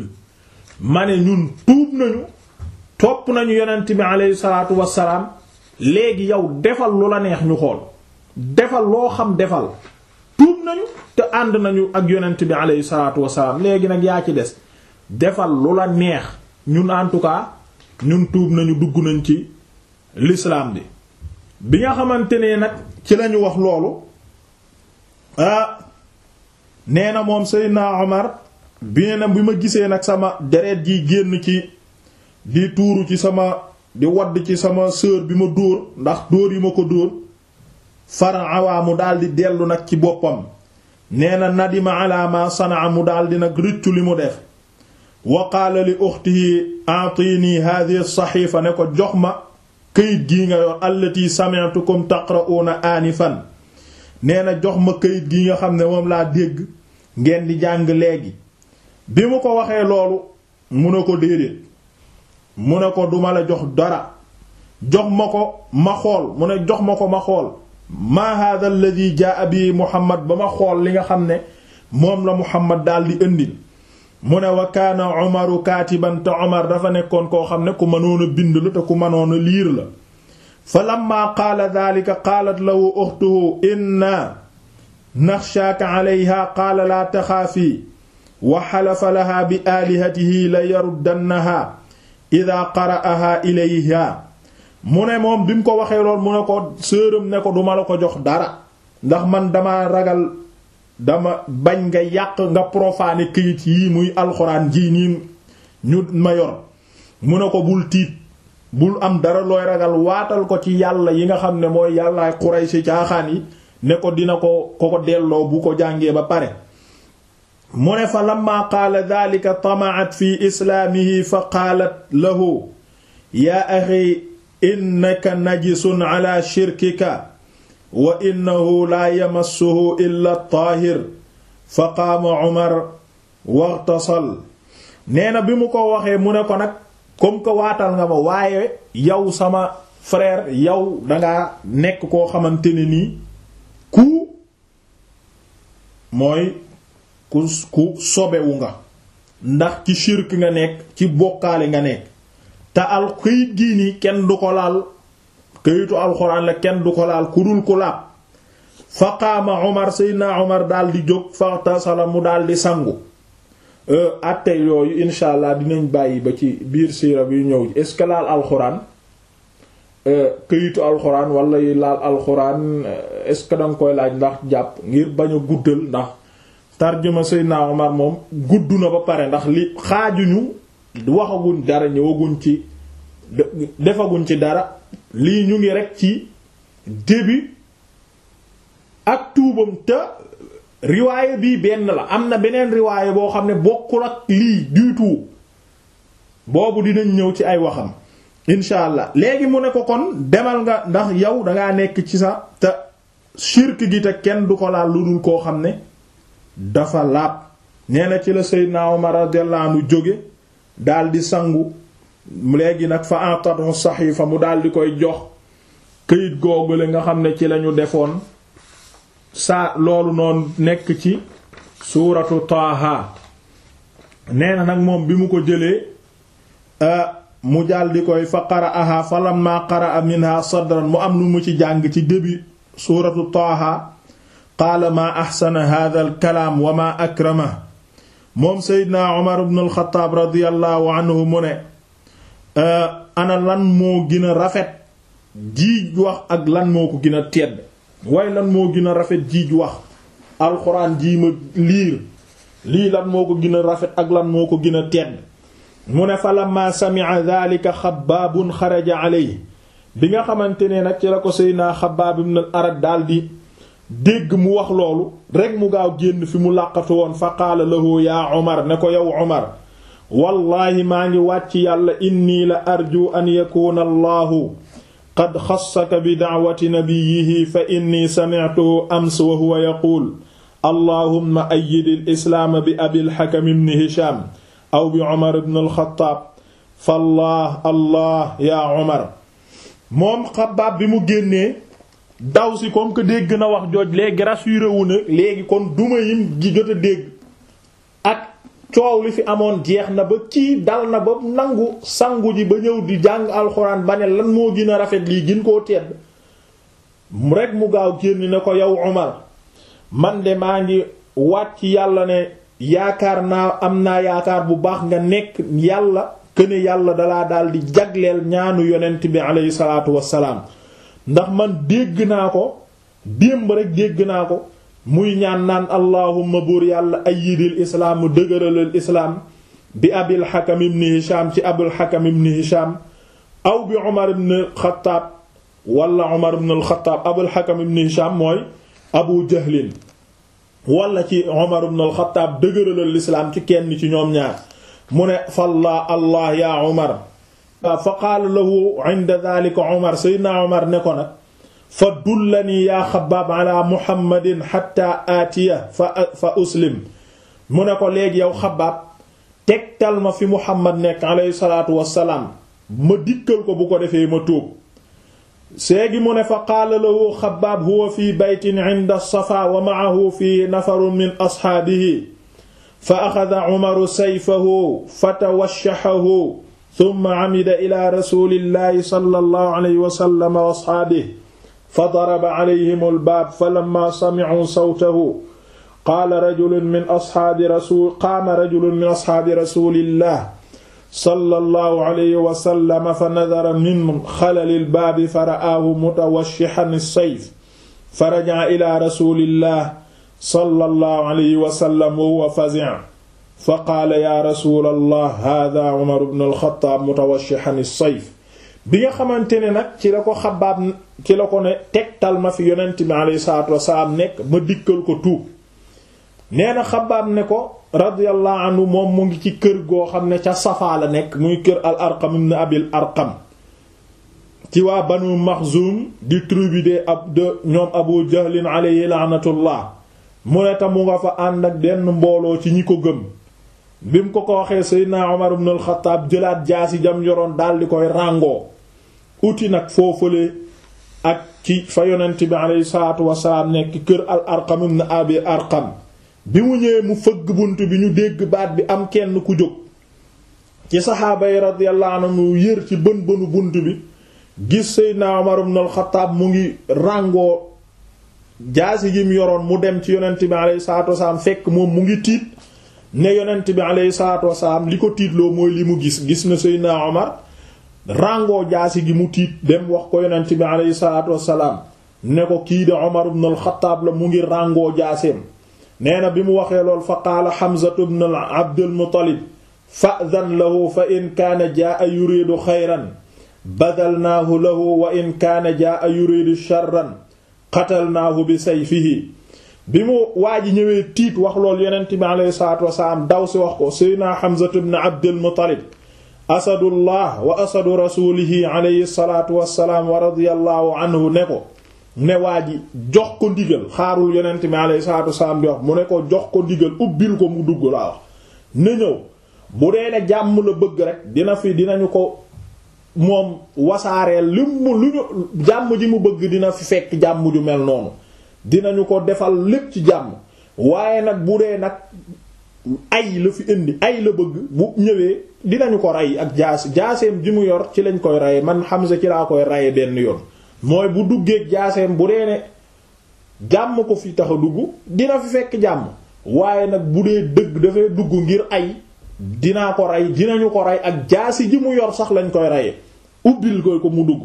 ma ne ñun tuub nañu topp nañu yonent bi aleyhi salaatu wassalaam léegi yow defal lu la neex ñu xool defal loo xam defal tuub nañu te ànd nañu ak yonent bi aleyhi salaatu wassalaam léegi nag yaa ci des defal lu la neex ñu en tout ñun tuub nañu dugg nañ ci lislaam bi bi nga xamante ne nag ci lañu wax loolu ah, nee na moom Seydina Omar bi na bi ma gisee nag sama deret gi génn ci di tuuru ci sama di wadd ci sama sœur bi ma dóor ndax dóor yi ma ko dóor farawaa mu daldi dellu nag ci boppam nee na nadima ala ma sanaa mu daldi nag rëccu li mu def wa qaala li a'tini hadhihi as ne ko jox ma kayit gii nga yor allati sami'tukum taqra'una anifan nee na jox ma kayit gii nga xam ne moom laa dégg ngeen di jàng léegi bi mu ko waxee loolu mu ne ko déedéet mu ne ko duma la jox dara jox ma ko ma xool mu ne jox ma ko ma xool ma hadha alladhi jaa muhammad ba ma xool li nga xam ne moom la muhammad daal di ëndil mu ne wa kaana omaru kaatiban te omar dafa nekkoon koo xam ne ku mënoon bind la te ku mënoon liir la fa lamma qaala dhalika qaalat lahu ukhtuhu inna naxshaaka alayha qaala laa taxaafii wa bi aalihatihi la yaruddannahaa idaa qara'ahaa ilayha mu ne moom bi mu ko waxee lool mu ne ko sëram ne ko duma la ko jox dara ndax man dama ragal dama bañ nga yàq nga profané këyit yi muy alxuraan ji nii ñu ma mu ne ko bul tiit bul am dara looy ragal waatal ko ci yàlla yi nga xam ne mooy yàllaay Quraysh caaxaan yi ne ko dina ko ko delloo bu ko jàngee ba pare mu ne fa lamma qaala daalika tama'at fi islaamihi fa qaalat lahu yaa axi innaka najisun ala shirkika wa innahu laa yamassuhu illa taahir fa qaama umar waxtasal nee na bi mu ko waxee mu ne ko nag comme que waatal nga ma waaye yow sama frère yow dangaa nekk koo xamante nii mooy ku ku sobewu nga ndax ci shirk nga nekk ci bokkaale nga nekk te al këyit kenn du ko laal alxuraan la kenn du ko laal ku dul ku laab fa qaama Omar Seydina Omar daal di jóg faxtasala mu daal di sangu euh, atte yooyu incha allah dinañ bàyyi ba ci biir siira bi ñëw est-ce que laal alxuraan Euh, këyitu alxuraan walla yi laal alxuraan euh, est danga koy laaj ndax jàpp ngir bañ a guddal ndax tarjuma Seydina Omar moom gudd na ba pare ndax li xaajuñu waxaguñ dara ñëwaguñ ci defaguñ ci dara lii ñu ngi rekk ci début ak tuubam te riwaaya bii benn la am na beneen riwaaya boo xam ne bokkul ak lii du tout boobu dinañ ñëw ci ay waxam incha allah léegi mu ne ko kon demal nga ndax yow dangaa nekk ci sa te gi te kenn du ko laal lu dul koo xam ne dafa laab nee na ci la naaw Omar radiyallahu mu jóge daal di sangu léegi nag fa atatu saxiifa mu daal di koy jox këyit googule nga xam ne ci lañu defoon saa loolu noonu nekk ci suuratu Taaha nee na nag moom bi mu ko jëlee. Euh, mu jàll di koy fa qara'aha falamma qara'a minha sadran mu am lu mu ci jàng ci début suuratu taaha qaala maa axsana hada alkalaam wa maa akramah moom seydna omar bnu alxataab radiallahu mu ne ana lan moo gën a rafet jiij wax ak lan moo ko gën tedd waaye lan moo gën rafet jiij wax alxuraan jii ma liir lii lan moo ko gën rafet ak lan moo ko gën a tedd mu ne fa lamma sami'a dhalika xabaabun xaraja aley bi nga xamante ne nag ci la ko seydinaa xabaab ibn al arad daldi dégg mu wax loolu rekk mu gaaw génn fi mu làqatu woon fa qaala lahu yaa omar ne ko yow omar wallaahi maa ngi wàcc yàlla inni la arju an yakuna allahu qad xassaka bi da'wati nabiyihi fa inni sami'tuhu ams wa huwa yaquul allahumma ayyid al bi abil hakam ibn hisham aw bi Umar ibn al-Khattab fallah allah yaa Umar moom Xabbaab bi mu génnee daw si comme que dégg na wax jooj léegi rassuré wu léegi kon duma yim ji jot a dégg ak coow li fi amoon jeex na ba kii dal na ba nangu sangu ji ba ñëw di jàng alxuraan ba ne lan moo gin a rafet lii gin koo tedd rek mu gaaw génn ne ko yow Umar man de maa ngi waat ci yàlla ne yaakaar naa am na yaakaar bu baax nga nekk yàlla këne yàlla dalaa daal di jagleel ñaanu yonent bi aleyhi salaatu wassalaam ndax man dégg naa ko démb rek dégg naa ko muy ñaan naan allahumma buur yàlla ayidil islaamu dëgëralal islaam bi abil hakam ibn hisham ci abul hakam ibn hisham aw bi umar ibn al-xattaab umar ibn al abul hakam ibn hisham mooy abu jahlin wala ci Umar ibn al-Khattab dëgëralal lislaam ci kenn ci ñoom ñaar mu ne falla allah ya Umar fa qaala lahu inda dhalika Umar sayyidina Umar ne ko nag fa dullani yaa xabaab ala muhammadin hatta aatiya fa fa uslim mu ne ko léegi yow xabaab tegtal ma fi muhammad nekk alayhi salaatu wassalaam ma dikkal ko bu ko defee ma tuub seegi mu ne fa qaala lahu xabaab huwa fi baytin inda safa wa maahu fihi nafarun min asxaabihi fa axada umaru sayfahu fatawashaxahu summa camida ila rasulillahi sallallahu alayhi wa sallam wa asxaabihi fa daraba calayhim albaab falamma samicuu sawtahu qaala rajulun min asxaabi rasul qaama rajulun min asxaabi rasulillah sallallahu alayhi wa sallam fa nadara min xalalil baabi fa ra'aahu mutawashshihan as-sayf fa raja'a ila rasulillah sallallahu alayhi wa sallam wa huwa fazi' fa qaala yaa rasulallah haadaa Umar ibn al-Khattab mutawashshihan as-sayf bi nga xamante ne nag ci la ko xabaab ci la ko ne tegtal ma fi yonent bi alayhi salaatu wa salaam nekk ma dikkal ko tuub nee na xabaab ne ko. radiyallahu anhu moom mu ngi ci kër goo xam ne ca Safaa la nekk muy kër al Arqam ibn Abil Arqam ci waa Banu Maxzum di tribu de ab de ñoom Abu Jahlin alayhi laanatullah mu ne tam nga fa ànd ak denn mbooloo ci ñi ko gëm bi mu ko ko waxee Seydina Umar ibn al-Khattab jëlaat jaasi jam yoroon daldi koy ràngoo uti nag foofale ak ci fa yonent bi alayhi salaatu wasalaam nekk kër al Arqam ibn Abi Arqam bi mu ñëwee mu fëgg bunt bi ñu dégg baat bi am kenn ku jóg ci saxaaba yi radiyallahu anhu yër ci bën bënu bunt bi gis Seydina Umar ibn al-Khattab mu ngi ràngoo jaasi jim yoroon mu dem ci yonent bi alayhi salaatu wasalaam fekk moom mu ngi tiit ne yonent bi alayhi salaatu wasalaam li ko tiitloo mooy li mu gis gis na Seydina Umar ràngoo jaasi gi mu tiit dem wax ko yonent bi alayhi salaatu wasalaam ne ko mu ngi ràngoo jaaseem nee na bi mu waxee lool fa qaala xamsatu bnu abdul muttalib fa'dan lahu fa in kaana jaa yuriidu xayran badalnaahu lahu wa in kaana jaa yuriidu sharran qatalnaahu bi sayfihi bi mu waa ji ñëwee tiit wax lool yonent bi aleyhi salaatu wasalaam daw si wax ko seydna xamsatu bnu abdul muttalib asadullah wa asadu rasuulihi aleyhi salaatu wasalaam wa radiyallahu anhu ne ko ne waa ji jox ko ndigal xaarul yonent mi alayhi salaatu wasalaam di mu ne ko jox ko ndigal ubbil ko mu dugg laa wax na ñëw bu dee ne jàmm la bëgg rekk dina fi dinañu ko moom wasaareel li ñu ji mu bëgg dina fi fekk jàmm ju mel noonu dinañu ko defal lépp ci jàmm waaye nag bu dee nag ay la fi indi ay la bëgg bu ñëwee dinañu ko ray ak jaas jaaseem ji mu yor ci lañ koy reye man Hamza ci laa koy reye benn yoon mooy bu duggee jaaseem bu dee ne jàmm ko fi tax dugg dina fi fekk jàmm waaye nag bu dee dëgg dafay dugg ngir ay dinaa ko rey dinañu ko rey ak jaasi ji mu yor sax lañ koy reyee ubbil koy ko mu dugg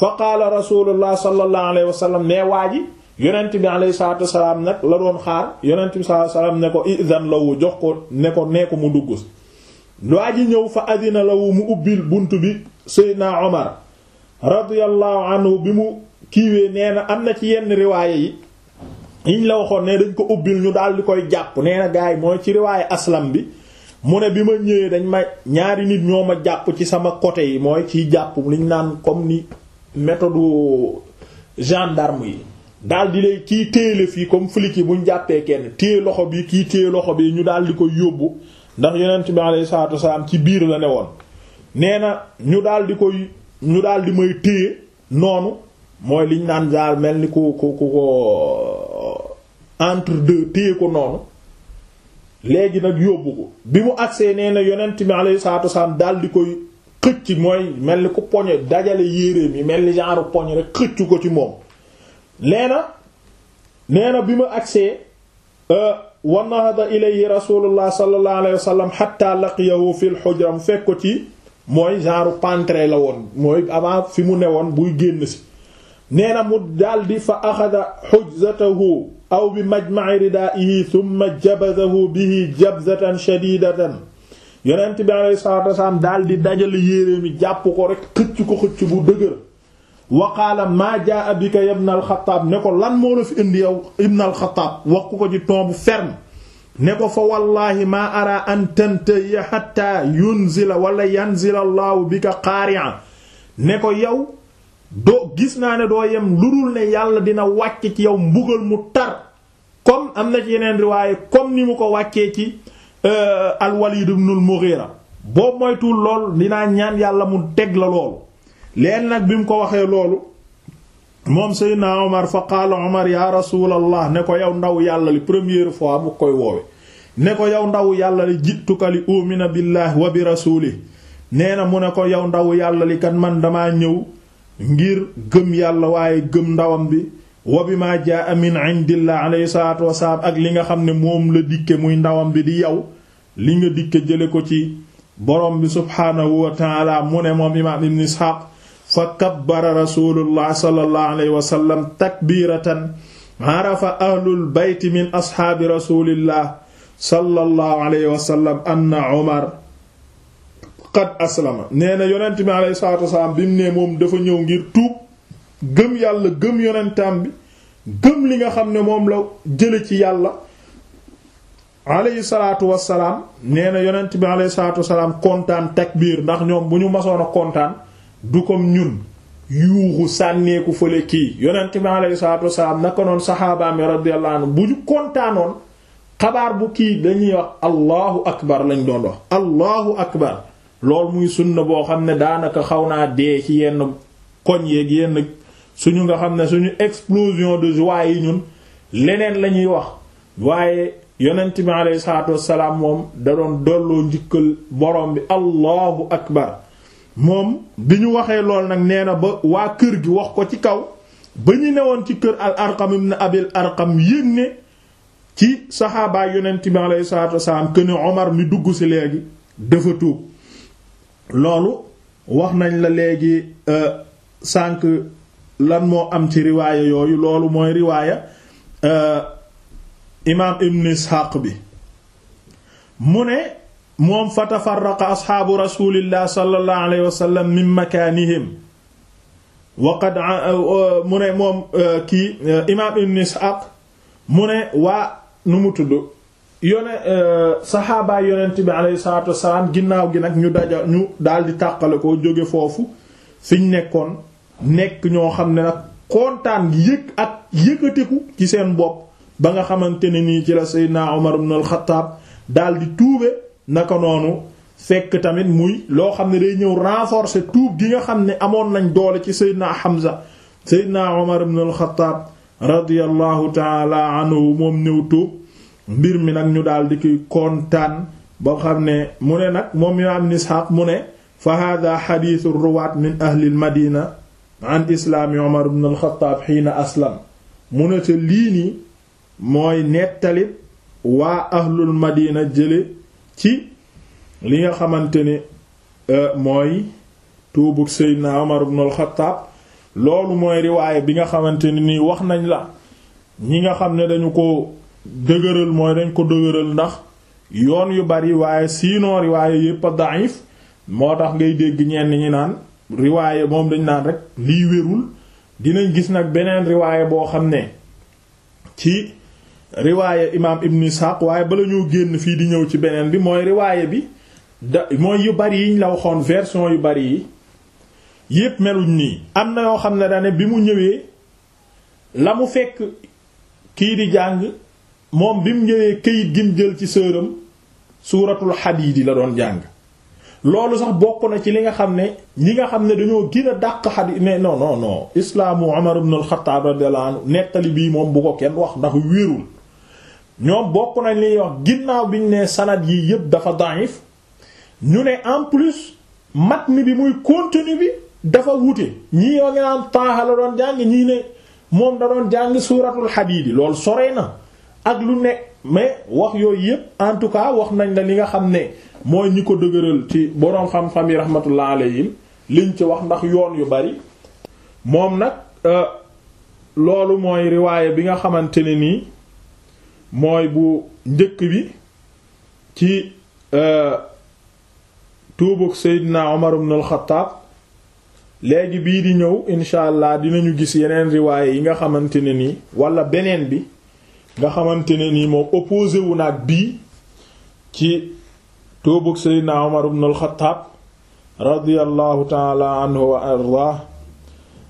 fa qaala rasulullah sallallahu alayhi wa waa ji yonent bi alayhi salatu wasalaam nag la xaar yonent bi sallallahu alayhi ne ko idan lawu jox ko ne ko nee ko mu dugg waa ji ñëw fa adina lawu mu ubbil bunt bi seydna omar radiyallahu anhu bi mu kiiwee nee na am na ci yenn riwaaya yi yiñ la waxoon ne dañ ko ubbil ñu daal di koy jàpp nee na gars yi mooy ci riwaaya aslam bi mu ne bi ma ñëwee dañ ma ñaari nit ñoo ma jàpp ci sama côté yi mooy ciy jàpp liñ naan comme ni méthode gendarme yi daal di lay kii téye fii comme flic yi buñ jàppee kenn téye loxo bi kii téye loxo bi ñu daal di ko yóbbu ndax yonent bi alayhi salaatu wasalaam ci biir la ne woon nee na ñu daal di koy ñu daal di may téye noonu mooy liñ naan daal mel ni ku ku ku ko euh, entre deux téye ko noonu léegi nag yóbbu ko bi mu agsee nee na yonent bi alayhi salaatu wasalaam daal koy xëcc mooy mel ni ku poñe dajale yéreem yi mel ni genre poñe rek xëccu ko ci moom nee na nee na bi mu agsee euh, wa nahada ilayhi rasulullah sallallahu alayhi wa sallam hatta laqiyahu fil hujra fekk ko ci mooy genre pentre la woon mooy avant fi mu ne woon buy génn si nee na mu daldi fa axada xujzatahu aw bi majma'i ridaa'ihi thumma jabadahu bihi jabzatan shadidatan yonent bi alayhi salaatu daldi dajale yére mi jàpp ko rek xëcc ko xëcc bu dëgër wa qaala maa jaa bika ya ibn al ne ko lan moo la fi indi yow ibn al-Xattaab wax ko ci ton bu ne ko fa wallaahi maa ara an tantahiya hatta yunzila wala yanzila allahu bika qaari'a ne ko yow do gis naa ne doo yem lu dul ne yàlla dina wàcc ci yow mbugal mu tar comme am na ci yeneen riwaaye comme ni mu ko wàccee ci euh, al-Walid ibn al-Mughira boobu moytuwul lool dinaa ñaan yàlla mu teg la loolu leen nag bi mu ko waxee loolu moom Seydina Omar fa qaala Omar yaa rasulallah ne ko yow ndaw yàlla li première fois mu koy woowe ne ko yow ndaw yàlla li jittuka li umina billah wa bi rasuli nee na mu ne ko yow ndaw yàlla li kan man dama ñëw ngir gëm yàlla waaye gëm ndawam bi wa bi maa jaa min indillah ak li nga xam ne moom la dikke muy ndawam bi di yow li nga dikke jële ko ci borom bi subhaanahu wa taala mu ne moom imaam ibn Isxaaq fa kabbara rasulullah sallallahu alayhi wa sallam takbiiratan arafa ahlul bayti min asxaabi rasulillah sallallahu alayhi wa anna Omar qad aslama nee na yonent bi alayhi salaatu wa bi mu moom dafa ñëw ngir gëm yàlla gëm yonentam nga xam ne moom la jële ci yàlla alayhi salaatu wa salaam nee na yonent bi alayhi salaatu wa salaam kontaan takbiir ndax ñoom bu ñu masoon a kontaan. du comme ñun yuuxu sànneeku fële kii yonent bi alayhi salaatu wasalaam naka noonu saxaabaam yi radiyallahu anhu bu ñu kontaanoon xabaar bu kii dañuy wax allahu akbar lañ doon wax allahu akbar lool muy sunna boo xam ne daanaka xaw naa dee ci yenn koñ yeeg yenn suñu nga xam ne suñu explosion de joie yi ñun leneen lañuy wax waaye yonent bi alayhi salaatu wasalaam moom da doon dolloo njikkal borom bi allahu akbar moom bi ñu waxee lool nag nee na ba waa kër gi wax ko ci kaw ba ñu ne woon ci kër al arqam ibn abil arqam yëg ne ci saxaabaay yonent bi alayhi salaatu wasalaam këne omar mi dugg ci léegi dafa tuub loolu wax nañ la léegi euh, sànk lan moo am ci riwaaya yooyu loolu mooy riwaaya euh, imaam ibn ishaq bi mu ne moom fa tafarraqa asxaabu rasulillah sallallahu alayhi wa sallam min makaanihim waqad mu ne moom e, kii e, imaam ibn Isxaaq mu ne waa nu mu tudd yone e, saxaabaa yonent bi alayhi salaatu wassalaam ginnaaw gi nag ñu daja ñu daldi tàqale ko jóge foofu fiñ nekkoon nekk ñoo xam ne nag kontaan gi yëg ak yëkkatiku ci seen bopp ba nga xamante ne nii ci la Seydina Umar ibn al daldi tuube naka noonu fekk tamit muy loo xam ne day ñëw renforcer tuub gi nga xam ne amoon nañ doole ci Seydina Hamza Seydina Omar ibn al-Khattab radiyallahu moom ñëw tuub mbir mi nag ñu daal di koy kontaan ba xam ne mu ne nag moom imaam Isxaaq mu ne fa hada xadiisu ruwaat min ahli al-Madina an islaami Omar ibn al xiina aslam mu ne te lii nii mooy nettali waa ahlul Madina jële ci li nga xamante ni euh, mooy tuubug Seydina Omar ibn al-Khattab loolu mooy riwaaye bi nga xamante ni nii wax nañ la ñi nga xam ne dañu ko dëgëral mooy dañ ko dëgëral ndax yoon yu bari waaye sinon riwaaye yépp a da'if moo tax ngay dégg ñenn ñi naan riwaaye moom dañ naan rekk lii wérul dinañ gis nag beneen riwaaye boo xam ne ci riwaaye imaam ibn Ishaq waaye ba ñoo génn fii di ñëw ci beneen bi mooy riwaaye bi da mooy yu bari yiñ la waxoon version yu bari yi yépp meluñ nii am na yoo xam ne dane bi mu ñëwee la mu fekk kii di jàng moom bi mu ñëwee këyit gi jël ci sëram suuratul xadiid la doon jàng loolu sax bokk na ci li nga xam ne ñi nga xam ne dañoo gën a dàq xadiis ne non islaamu Umar ibn al-Khattab radiyallahu nettali bii moom bu ko kenn wax ndax wéerul ñoom bokk nañ li ginnaaw bi ñu ne sanad yi yëpp dafa da'if ñu ne en plus matn bi muy contenu bi dafa wute ñii yoo ngi jàng ñii ne moom da jàng suuratul Hadiid loolu sore na ak lu ne mais wax yooyu yëpp en tout cas wax nañ la li nga xam ne mooy ñi ko dëgëral ci boroom xam-xam yi rahmatullah alayhim liñ ci wax ndax yoon yu bari moom nag euh, loolu mooy riwaaya bi nga xamante ne nii mooy bu njëkk bi ci euh, tuubug Seydina Umar ibn al léegi bii di ñëw incha allah dinañu gis yeneen riwaaye yi nga xamante ne nii wala beneen bi nga xamante ne nii moom opposé wu naag bii ci tuubug Seydina Umar ibn al radiyallahu taala anhu wa ardah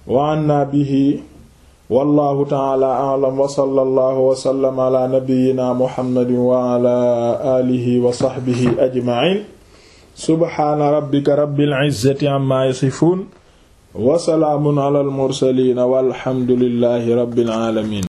wa anna bihi wallahu taala alam wa sallallahu wa sallam ala nabiyyina muhammadin wa ala alihi wa sahbihi ajma'in subhana rabbika rabbil izzati amma yasifun wa salaamun ala al mursalin walhamdulillahi rabbil alamin